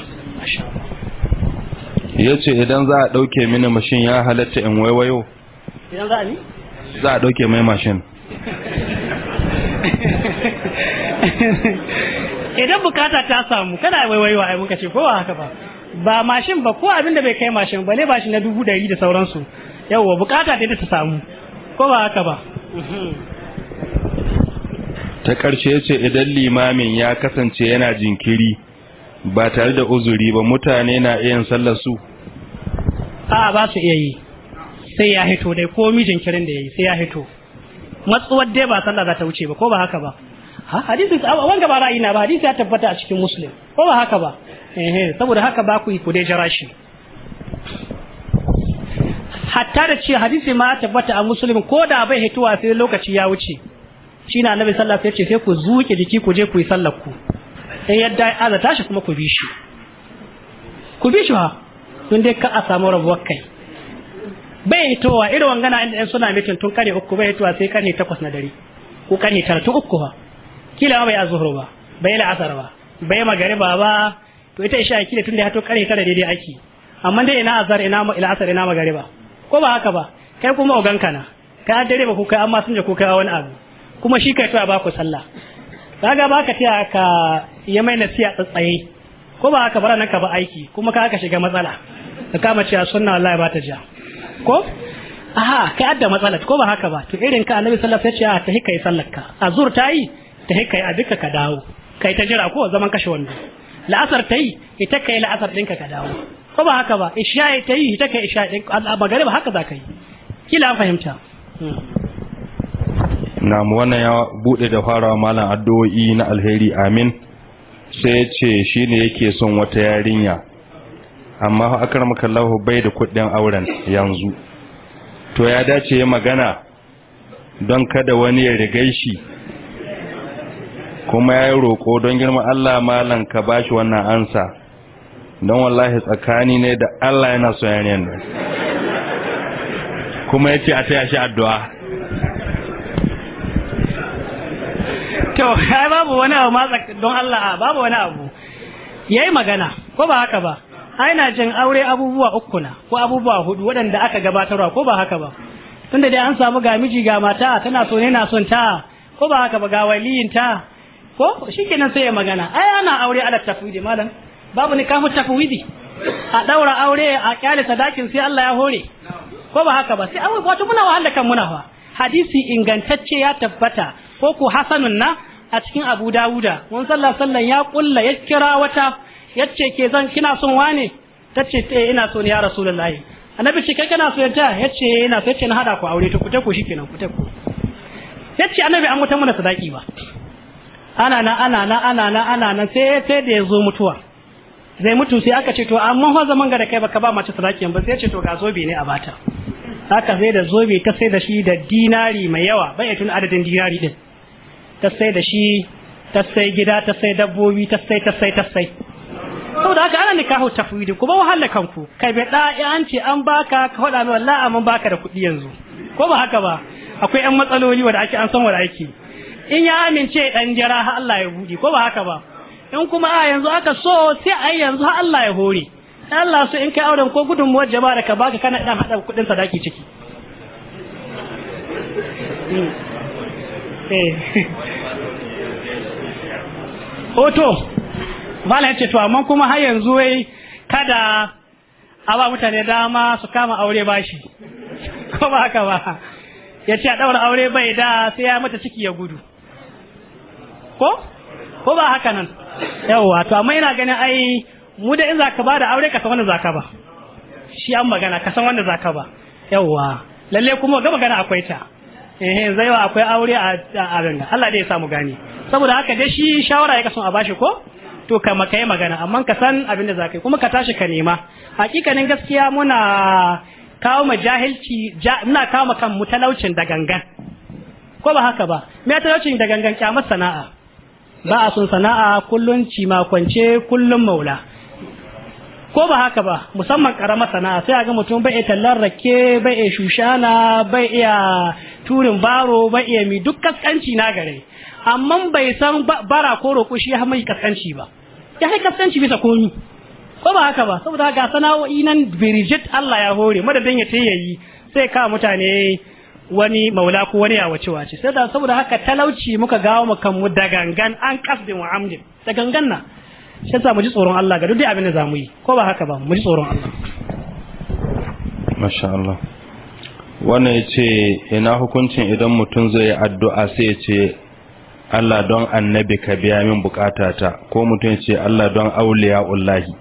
ya ce idan za a ɗauke mini mashin ya halatta in waiwayo idan za a ni za a ɗauke mai mashin idan bukata ta samu kada waiwayo ai muka ce kowa haka ba ba mashin ba ko abin da bai kai mashin ba ne ba shi na dubu ɗari da sauransu yawwa bukata ta ta samu ko ba haka ba ta ƙarshe ce idan limamin ya kasance yana jinkiri ba tare da uzuri ba mutane na iya sallar su a ba su iya yi sai ya hito dai ko mijin kirin da ya yi sai ya hito matsuwar dai ba sallah za ta wuce ba ko ba haka ba hadisin hadisi wanga ba ra'ayi na ba hadisi ya tabbata a cikin muslim ko ba haka ba ehe saboda haka ba ku yi ku dai jira shi hatta da ce hadisi ma tabbata a muslim ko da bai hituwa sai lokaci ya wuce shi na annabi sallah sai ce sai ku zuke jiki ku je ku yi sallar ku sai yadda aza tashi kuma ku bi shi ku bi shi ha tun dai ka a samu rabuwar kai bai wa irin wangana inda yan suna mitin tun kare uku bai hitowa sai kare takwas na dare ko kare tara tun uku ha kila bai zuhru ba bai la'asar ba bai magariba ba to ita isha kila tunda ya to kare tara daidai ake amma dai ina azar ina asar ina magariba ko ba haka ba kai kuma ogan kana kai dare ba ko kai amma sun je ko kai wani abu kuma shi kai to ba ku sallah kaga ba ka tiya ka ya mai nasiya tsatsaye ko ba haka bara nan ka ba aiki kuma ka aka shiga matsala ka kama cewa sunna wallahi ba ta ja ko aha kai adda matsala ko ba haka ba to irin ka annabi sallallahu alaihi wasallam ya ce ah, ta hika yi sallar ka azur ta yi ta yi a duka ka dawo kai ta jira ko zaman kashe wando la'asar ta yi ita kai la'asar ɗinka ka dawo ko ba haka ba isha'i ta yi ita kai isha'i ɗinka a magare ba haka za ka yi kila an fahimta hmm. na wannan ya buɗe da farawa malam addu'o'i na alheri amin sai ya ce shi ne yake son wata yarinya amma akar makallahu bai da kuɗin auren yanzu to ya dace ya magana don kada wani ya rigai shi kuma ya yi roƙo don girma Allah malan ka ba shi wannan ansa don wallahi tsakani ne da Allah yana son yanayin da kuma ya ce a taya shi addu'a to ya babu wani abu ma don Allah babu wani abu ya yi magana ko ba haka ba aina jin aure abubuwa uku na ko abubuwa hudu waɗanda aka gabatarwa ko ba haka ba tunda dai an samu ga miji ga mata tana so ne na son ta ko ba haka ba ga waliyin ta ko shikenan sai ya magana ai ana aure ala tafwidi malam babu ni kamu tafwidi a daura aure a kyale sadakin sai Allah ya hore ko ba haka ba sai aure wato muna wahala kan muna fa hadisi ingantacce ya tabbata ko ku hasanun na a cikin Abu Dawuda mun sallah sallan ya kulla ya kira wata yace ke zan kina son wane tace eh ina son ya rasulullahi annabi ce kai kana so yanta yace eh, ina so yace na hada ku aure to ku ta ku shikenan ku ta ku yace annabi an mutan mana sadaki ba ana na ana na ana na ana na sai sai da ya zo mutuwa zai mutu sai aka ce to amma fa zaman ga da kai baka ba mace sadaki ba sai ce to ga zobe ne a bata haka sai da zobe ta sai da shi da dinari mai yawa bai tun adadin dinari din ta sai da shi ta sai gida ta sai dabbobi ta sai ta sai ta sai saboda haka ana nikahu tafwidi ku ba wahala kanku kai bai da an ce an baka ka faɗa mai wallahi amma baka da kuɗi yanzu ko ba haka ba akwai yan matsaloli wanda ake an san wanda aiki. in ya amince ɗan jira har Allah ya buɗe ko ba haka ba in kuma a yanzu aka so sai a yanzu har Allah ya hore Allah so in kai auren ko gudun muwar jama'a da ka baka kana dan hada kudin sadaki ciki hoto hmm. eh. bala yace to amma kuma har yanzu wai kada a ba mutane dama su kama aure bashi ko ba haka ba ya ce a ɗaura aure bai da sai ya mata ciki ya gudu ko ko ba haka nan yawa to amma ina ganin ai mu da in ka ba da aure ka san wanda ka ba shi an magana ka san wanda ka ba yawa lalle kuma ga magana akwai ta eh zai wa akwai aure a abin Allah dai ya samu gani saboda haka dai shi shawara ya kasan a bashi ko to ka maka yi magana amma ka san abin da za ka yi kuma ka tashi ka nema hakikanin gaskiya muna kawo ma jahilci muna kawo ma kan mutalaucin da gangan ko ba haka ba me talaucin da gangan kyamar sana'a ba a sun sana'a kullun cimakwance kullum maula ko ba haka ba musamman karama sana'a sai a ga mutum bai tallar rake bai iya shushana bai iya turin baro bai iya mi duk kaskanci na gare amma bai san bara ko roƙo shi ya mai kaskanci ba ya hai kaskanci bisa komi ko ba haka ba saboda ga sana'o'i nan birijit Allah ya hore madadin ya tayayi sai ka mutane wani maula ko wani yawace wace sai da saboda haka talauci muka gawo mu kanmu da gangan an kasbi wa amdi da gangan na sai sa mu ji tsoron Allah ga duk abin da zamu yi ko ba haka ba mu ji tsoron Allah masha Allah wannan yace ina hukuncin idan mutum zai yi addu'a sai ya ce Allah don annabi ka biya min bukatata ko mutum ya ce Allah don auliya ullahi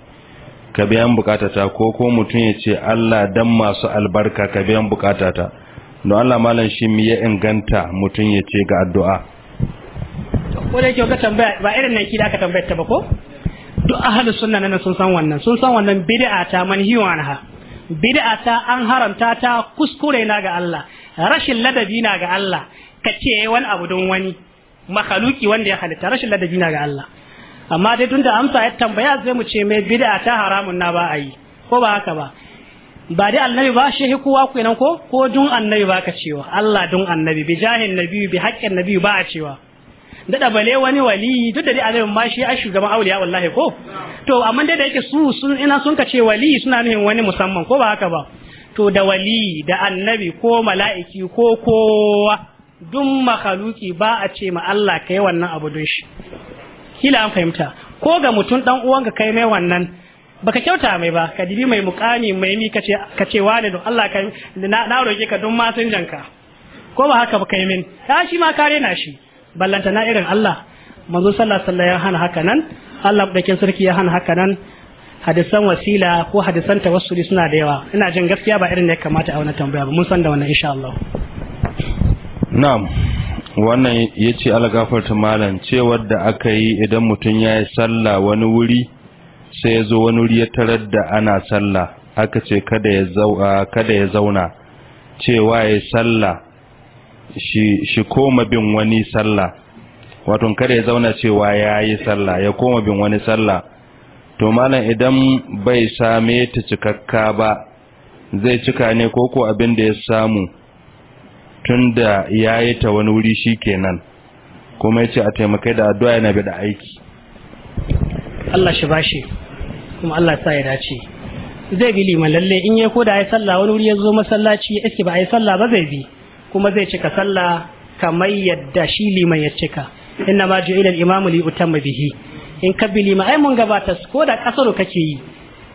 ka biya min bukatata ko ko mutum ya ce Allah dan masu albarka ka biya biyan bukatata don Allah malam shi mi ya inganta mutum ya ce ga addu'a ko da yake ka tambaya ba irin nan ki da aka tambayar ta ba ko duk ahlus sunna nan sun san wannan sun san wannan bid'a ta manhiyu anha bid'a ta an haramta ta kuskure na ga Allah rashin ladabi na ga Allah ka ce wani abu don wani makhaluki wanda ya halitta rashin ladabi na ga Allah amma dai tunda amsa ya tambaya zai mu ce mai bid'a ta haramun na ba a yi ko ba haka ba ba dai annabi ba shi hikuwa kowa nan ko ko dun annabi ba ka cewa Allah dun annabi bi jahil nabi bi haƙƙin nabi ba a cewa dada bale wani wali duk da dai annabi ma shi a shugaban auliya wallahi ko to amma dai da yake su sun ina sun ka ce wali suna nuhin wani musamman ko ba haka ba to da wali da annabi ko mala'iki ko kowa dun makhaluki ba a ce ma Allah kai wannan abu don shi kila an fahimta ko ga mutum dan uwanka kai mai wannan baka kyauta mai ba ka dibi mai mukami mai mi kace kace wane don Allah ka na roke ka don masinjan ka ko ba haka ba kai min ya shi ma kare na shi ballanta na irin Allah manzo sallallahu alaihi wasallam ya hana haka nan Allah dakin sarki ya hana haka nan hadisan wasila ko hadisan tawassuli suna da yawa ina jin gaskiya ba irin da ya kamata a wannan tambaya ba mun san da wannan insha Allah na'am wannan yace gafarta malam cewar da aka yi idan mutum ya yi sallah wani wuri sai ya zo wani wuri ya tarar da ana sallah aka ce kada ya zauna cewa ya sallah shi koma bin wani sallah wato kada ya zauna cewa ya yi sallah ya koma bin wani sallah to malam idan bai same ta cikakka ba zai cika ne koko abin da ya samu tunda ya yi ta wani wuri shi kenan kuma ya ce a taimakai da addu'a yana bi da aiki Allah shi bashi kuma Allah sa ya dace zai bi liman lalle in ya koda ai sallah wani wuri ya zo masallaci ya iske ba ai sallah ba zai bi kuma zai cika sallah kamar yadda shi liman ya cika inna ma ju'ila al-imamu li utamma bihi in ka bi liman ai mun gabata ko da kasaro kake yi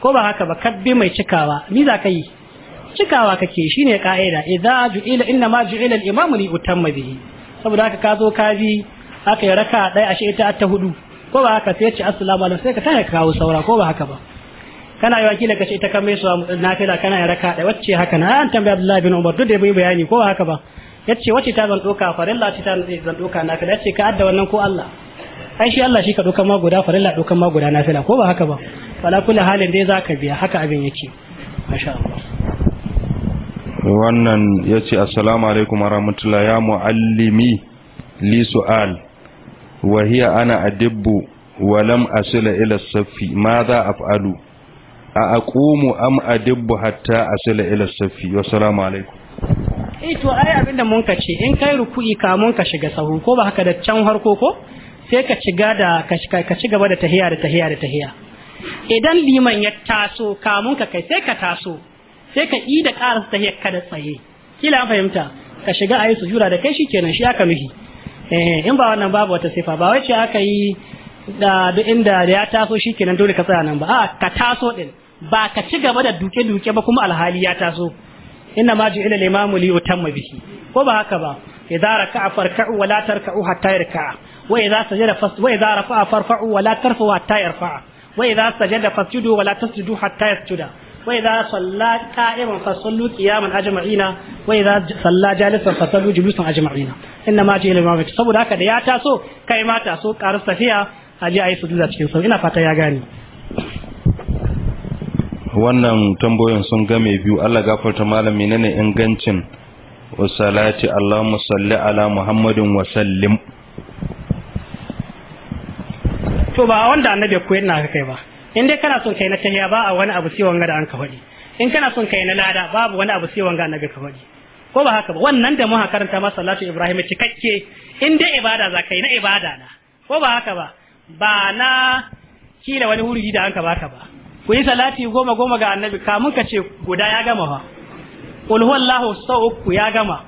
ko ba haka ba kabbi mai cikawa ni za ka yi cikawa kake shine ka'ida idza ju'ila inna ma ju'ila al-imamu li utamma bihi saboda haka ka zo ka bi aka yi raka ɗaya ashe ita ta hudu ko ba haka sai ya ce assalamu alaikum sai ka tare kawo saura ko ba haka ba kana yi wakila ce ita kan mai su nafila kana yi raka da wacce haka na an tambaya Abdullahi bin Umar duk da bai bayani ko ba haka ba yace wacce ta zan doka farilla ce ta zan doka nafila yace ka adda wannan ko Allah ai shi Allah shi ka doka ma guda farilla doka ma guda nafila ko ba haka ba fala kullu halin dai zaka biya haka abin yake masha Allah wannan yace assalamu alaikum rahmatullahi ya muallimi li su'al وهي أنا أدب ولم أصل إلى الصف ila أفعل ma za أدب a أصل am الصف hatta عليكم ila eh to ai abinda mun ka ce in kai ruku'i ka mun ka shiga sahu ko ba haka da can harko ko sai ka shiga da ka ci gaba da tahiya da tahiya da tahiya idan liman ya taso kamun ka kai sai ka taso sai ka yi da ƙarasa tahiyya ka da tsaye kila fahimta ka shiga ayi sujuda da kai shikenan shi aka nuhi Eh, in ba wannan babu wata sifa ba wai ce aka yi da duk inda da ya taso shikenan dole ka tsaya nan ba a ka taso din ba ka ci gaba da duke duke ba kuma alhali ya taso inna ma ju'ila al-imamu li yutamma bihi ko ba haka ba idza raka'a farka'u wa la tarka'u hatta yarka'a wa idza sajada fas wa idza rafa'a farfa'u wa la tarfa'u hatta yarfa'a wa idza sajada fasjudu wa la tasjudu hatta yasjuda وإذا صلى قائما فصلوا قياما أجمعين وإذا صلى جالسا فصلوا جلوسا أجمعين إنما جاء الإمام saboda haka da ya taso kai ma taso karar tafiya a ji a yi sujuda cikin sau ina fata ya gane wannan tambayoyin sun ga mai biyu Allah gafarta malam menene ingancin wasalati Allahumma salli ala Muhammadin wa sallim to ba wanda annabi koyar na kai ba in dai kana son kai na tahiya ba a wani abu sai wanga da an ka faɗi in kana son kai na lada babu wani abu sai wanga annabi ka faɗi ko ba haka ba wannan da muka karanta ma sallatu ibrahim cikakke in dai ibada za kai na ibada na ko ba haka ba ba na kila wani hururi da an ka baka ba ku yi salati goma goma ga annabi kamun ka ce guda ya gama fa qul huwallahu sau ya gama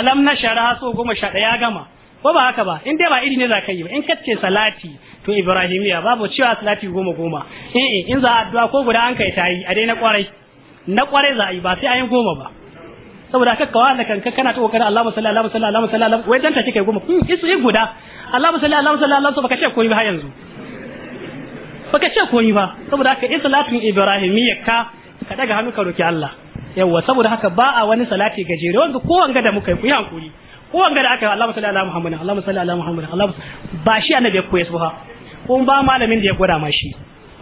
alam nashara so goma sha ya gama ko ba haka ba in dai ba iri ne za ka yi ba in ka ce salati to ibrahimiya babu cewa salati goma goma eh, eh in za addu'a ko guda an kai tayi a dai na kwarai na kwarai za a yi ba sai ayin goma ba saboda kakka wa da kanka kana ta kokarin Allahumma salli Allahumma salli Allahumma salli Allahumma wai dan ta kike goma kun hmm, isu yi guda Allahumma salli Allahumma salli Allahumma baka ce koyi ba yanzu baka ce koyi ba saboda haka isu salatin ibrahimiya ka ka daga hannu ka roki Allah yawa saboda haka ba a wani salati gajere wanda ko wanga da muka yi ku yi hankuri ko wanga da aka yi Allahumma salli ala Muhammadin Allahumma salli ala Muhammadin Allahumma ba shi annabi ya koyi su ba ko ba malamin da ya gwada ma shi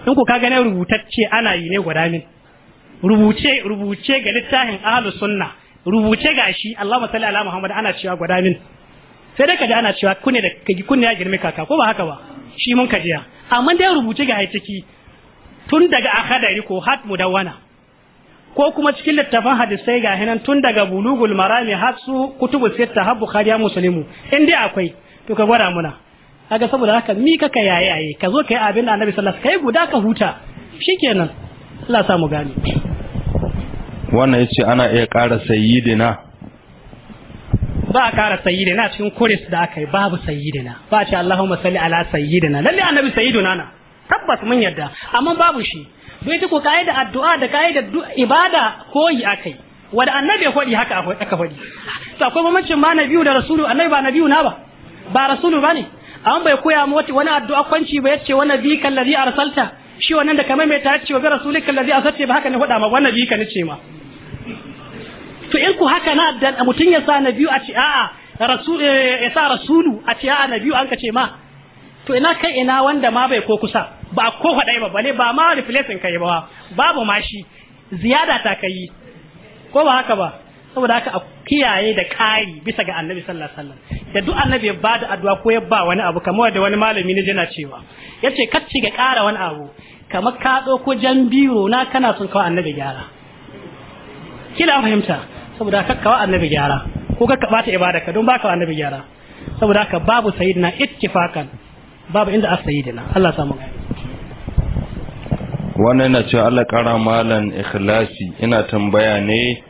in ku kaga ne rubutacce ana yi ne gwada min rubuce rubuce ga littafin ahlus sunna rubuce ga shi Allahumma salli ala Muhammad ana cewa gwada min sai dai kaje ana cewa kunne da kaji kunne ya girme kaka ko ba haka ba shi mun kaje amma dai rubuce ga ciki tun daga akhadari ko hat mudawana ko kuma cikin littafin hadisai ga hinan tun daga bulugul marami har su kutubu sitta har bukhari muslimu in dai akwai to ka gwada muna kaga saboda haka mi ka ka yayaye ka zo ka yi abin da annabi sallallahu alaihi wasallam kai guda ka huta shikenan Allah samu gani wannan yace ana iya ƙara sayyidina ba a ƙara sayyidina cikin kuris da aka yi babu sayyidina ba a ce Allahumma salli ala sayyidina lalle annabi sayyiduna na tabbas mun yarda amma babu shi duk ita ko kaida addu'a da kaida ibada koyi akai wanda annabi ya faɗi haka aka faɗi to akwai bambancin ma nabiyu da rasulu annabi ba nabiyu na ba ba rasulu bane an bai koya mu wani addu'a kwanci ba yace wa nabika allazi arsalta shi wannan da kamar mai ta yace bi rasulika allazi arsalta ba haka ne hoda ma wa nabika ne ce ma to in ku haka na da mutun ya sa nabi a ce a'a rasul eh, ya sa rasulu a ce a'a nabi an ka ce ma to ina kai ina wanda ma bai ko kusa ba ko faɗa ba bale ba ma replacing kai ba babu ma shi ziyada ta kai ko ba haka ba saboda haka a kiyaye da kari bisa ga annabi sallallahu alaihi wasallam da duk annabi ya bada addu'a ko ya ba wani abu kamar da wani malami ne yana cewa yace kacci ga kara wani abu kamar ka ko jan biro na kana son kawo annabi gyara kila fahimta saboda haka kawo annabi gyara ko ka bata ibada ka don baka annabi gyara saboda haka babu sayyidina ittifakan babu inda as sayyidina Allah samu gani wannan yana cewa Allah kara malan ikhlasi ina tambaya ne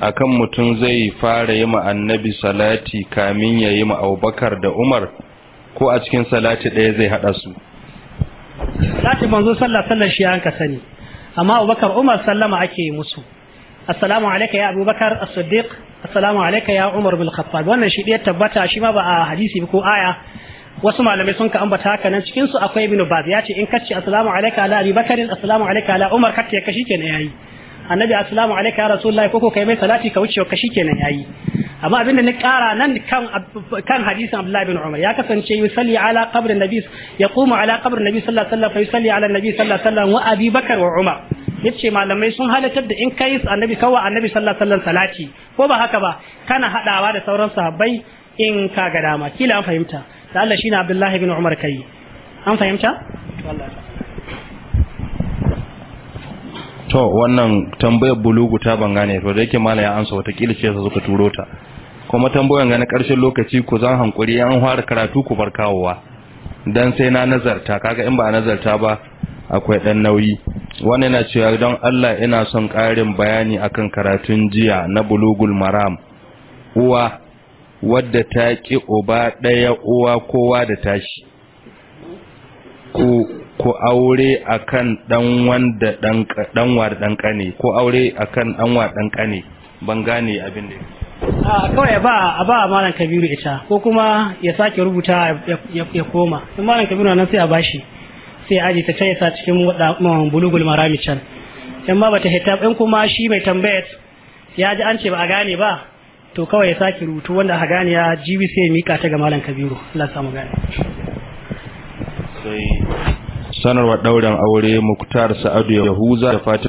akan mutum zai fara yi annabi salati kamin ya yi abubakar da umar ko a cikin salati ɗaya zai haɗa su salati manzo sallah sallar shi an ka sani amma abubakar umar sallama ake yi musu assalamu alaika ya abubakar as-siddiq assalamu alaika ya umar bil khattab wannan shi ɗaya tabbata shi ma ba a hadisi ko aya wasu malamai sun ka ambata haka nan cikin su akwai ibnu baz ya ce in kace assalamu alaika ala abubakar assalamu alaika ala umar kace ka shikenan yayi annabi assalamu alayka ya rasulullahi koko kai mai salati ka wuce ka shikenan yayi amma abin da na kara nan kan kan hadisin abdullahi bin umar ya kasance yusalli ala qabrin nabi yaqumu ala qabrin nabi sallallahu alaihi wasallam fa yusalli ala nabi sallallahu alaihi wasallam wa abi bakar wa umar yace malamai sun halatar da in kai annabi kawai annabi sallallahu alaihi wasallam salati ko ba haka ba kana hadawa da sauran sahabbai in ka ga dama kila an fahimta da Allah shine abdullahi bin umar kai an fahimta wallahi to wannan tambayar bulugu ta ban gane to da yake mala ya ansa watakila ce sa suka turo ta kuma tambayar ga na ƙarshen lokaci ku zan hankuri an fara karatu ku bar kawowa dan sai na nazarta kaga in ba a nazarta ba akwai dan nauyi wannan yana cewa don Allah ina son ƙarin bayani akan karatun jiya na bulugul maram uwa wadda ta ki uba ɗaya uwa kowa da tashi ku Ko aure akan dan wanda dan war dan kane ko aure akan war dan kane ban gane abin da a kawai ba a ba malam kabiru ita ko kuma ya sake rubuta ya koma in malam kabiru nan sai a bashi sai aji ta tsaye sa cikin um, bulugul marami can in ma bata hita in kuma shi mai tambayar ya ji an ce ba a gane ba to kawai ya sake rubutu wanda a gane ya jibi sai mika ta ga malam kabiru Allah samu gane sanarwa ɗaurin aure muktar sa'adu yahuza da fatima